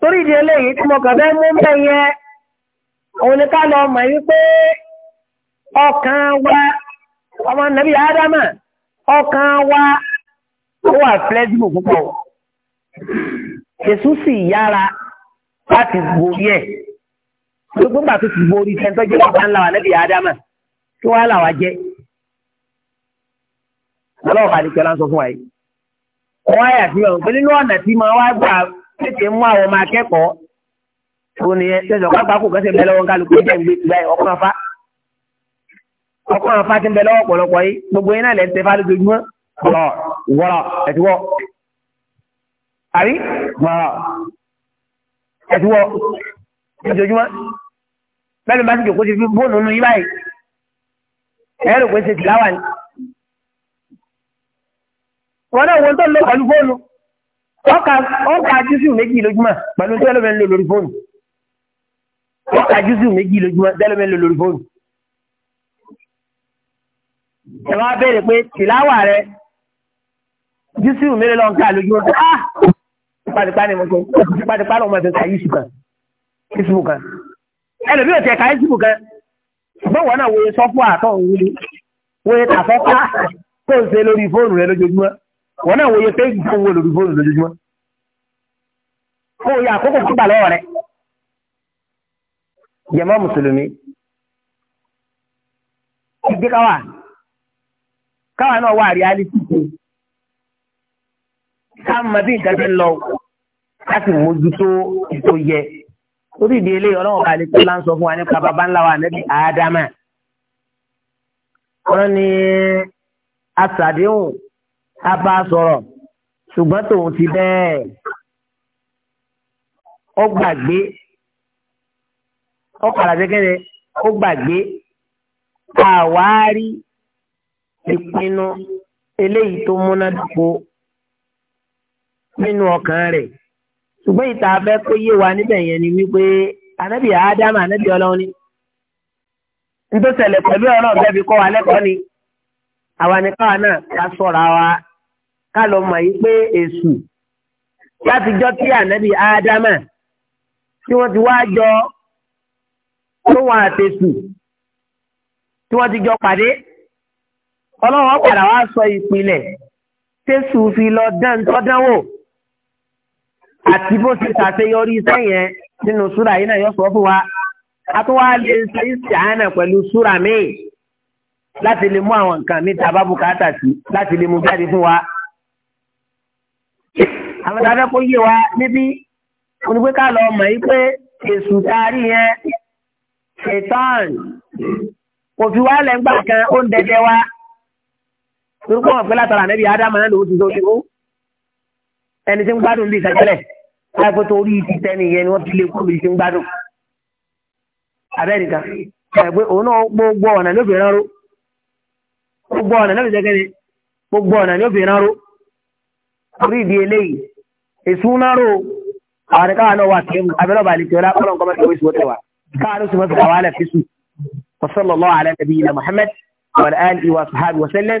Speaker 1: torí ìdí eléyìí tí mo kàn fẹ́ mú bẹ́ẹ̀ yẹn òun ni ká lọ mọ̀ yín pé ọkàn wa ọmọ nàbí ádámà ọkàn wa ó wà flexible púpọ̀ Jésù sì yára láti borí ẹ̀ gbogbo gbà tó ti borí sẹ́ńtọ́ jẹ́ bàbá ńlá wa nàbí ádámà tó wá là wá jẹ́ ọlọ́wọ́ bá ní kẹlá ń sọ fún wa yìí wọ́n á yà sí ọ̀rùn pé nínú ọ̀nà tí máa wá gbà tètè mú àwọn ọmọ akẹ́kọ̀ọ́ tó nìyẹn tẹ̀sán kápákò kẹsẹ̀ bẹ́ẹ̀ lọ́wọ́ kálukú jẹ́ ìgbésí báyìí ọkùnrin afá ọkọ̀ àwọn fáti ń bẹ lọ́wọ́ ọ̀pọ̀lọpọ̀ yìí gbogbo yín náà lẹ́ ń tẹ fáti dojúmọ́ wọ́rọ̀ wọ́rọ̀ ẹ̀tíwọ́ àrí wọ́rọ̀ ẹ̀tíwọ́ ẹ̀tíwọ́ bẹ́ẹ̀ bá ti jòkó ti fi bóònù nù yí báyìí ẹ̀rọ pé ṣe tìláwà ni wọn náà wọn tó ń lò pẹ̀lú fóònù ọkà ọkà jùsù méjì lójúmọ́ pẹ̀lú tẹ́lẹ̀mẹ́ ń lò lórí fóònù ọkà jùsù méjì lójúmọ́ tẹ́lẹ̀mẹ́ ń lò lórí fóònù ẹ wá béèrè pé tìláwà rẹ jùsù mélòó lọ́n ká lójú ọdún á ah! tipátipá ni mo ṣe tipátipá lọ́mọ ẹ̀sẹ̀ ká yíṣù kan yíṣù kan ẹlòmíì ò tẹ̀ ká yíṣù kan ṣùgbọ́n wọn náà wòye sọ́fún àtọ̀ òwúlé wòye tàfọ́ká tó ń ṣe lórí fóònù rẹ lójoojúmọ́ wọn náà wòye pé ìgbà wo lórí fóònù lójoojúmọ́ wòye àkókò tó gbà lọ́wọ́ rẹ jẹ̀mọ́ mùsùlùmí ìgbékáwà káwọn náà wà reality tó ká mọ bí nǹkan ti ń lọ láti mójútó ètò yẹ torí ìdí eléyìí ọlọ́run bá lè tó láǹsọ fún wa nípa baba ńlá wa nẹ́bí àádámà wọ́n ní asàdéhùn a bá sọ̀rọ̀ ṣùgbọ́n tòun ti bẹ́ẹ̀ ó gbàgbé ó kàrà sí kéde ó gbàgbé àwárí ìpinnu eléyìí tó múnádóko nínú ọkàn rẹ̀ ṣùgbọ́n ìta afẹ́ kó yé wa níbẹ̀ yẹn ni wípé ànábì ádámù ànábì ọlọ́run ni nítòsẹ̀lẹ̀ pẹ̀lú ọ̀rọ̀ ọ̀bẹ fi kọ́ wa lẹ́kọ̀ọ́ ni àwa ni káwa náà ká sọ̀ra wa ká lọ mọ̀ yí pé èṣù látijọ́ tí ànábì ádámù tí wọ́n ti wá jọ tó wọn àtẹ̀sù tí wọ́n ti jọ pàdé ọlọ́run padà wá sọ ìpìlẹ̀ tẹ́sù fi lọ dánwò àti bó ti ṣàṣeyọrí sẹ́yìn nínú súra yìí náà yọ sọ fún wa a tún wá lè ṣe ìṣàánà pẹ̀lú súra míì láti lè mú àwọn nǹkan mi tàbá bùkátà sí láti lè mú jáde fún wa. àwọn tàbí kó yé wa níbí onígbé ká lọ mọ̀ yí pé èsù tá a rí yẹn ṣètọ́n òfin wa lẹ́gbàá kan ó ń dẹdẹ wa torí kó wọn pẹ́ látara ànábì ádámà náà lòún ti sọ ṣe kó ẹni tí ń gbádùn bíi sẹ́tẹ́lẹ̀ láìpẹ́ tó rí ti tẹ́ni yẹn ni wọ́n ti lé kó bíi ti ń gbádùn abẹ́rìkà ẹ̀gbẹ́ òun náà gbogbo ọ̀nà ló fi rán ró gbogbo ọ̀nà ló fi sẹ́kẹ́ ni gbogbo ọ̀nà ló fi rán ró torí ìdí eléyìí èsù náà ró àwọn káwọn náà wà sí abẹ́lọ́ba àlejò ọlá kọ́lọ́ nǹkan mẹ́ta oṣù wọ́tẹ̀ wa káwọn oṣù mọ́tò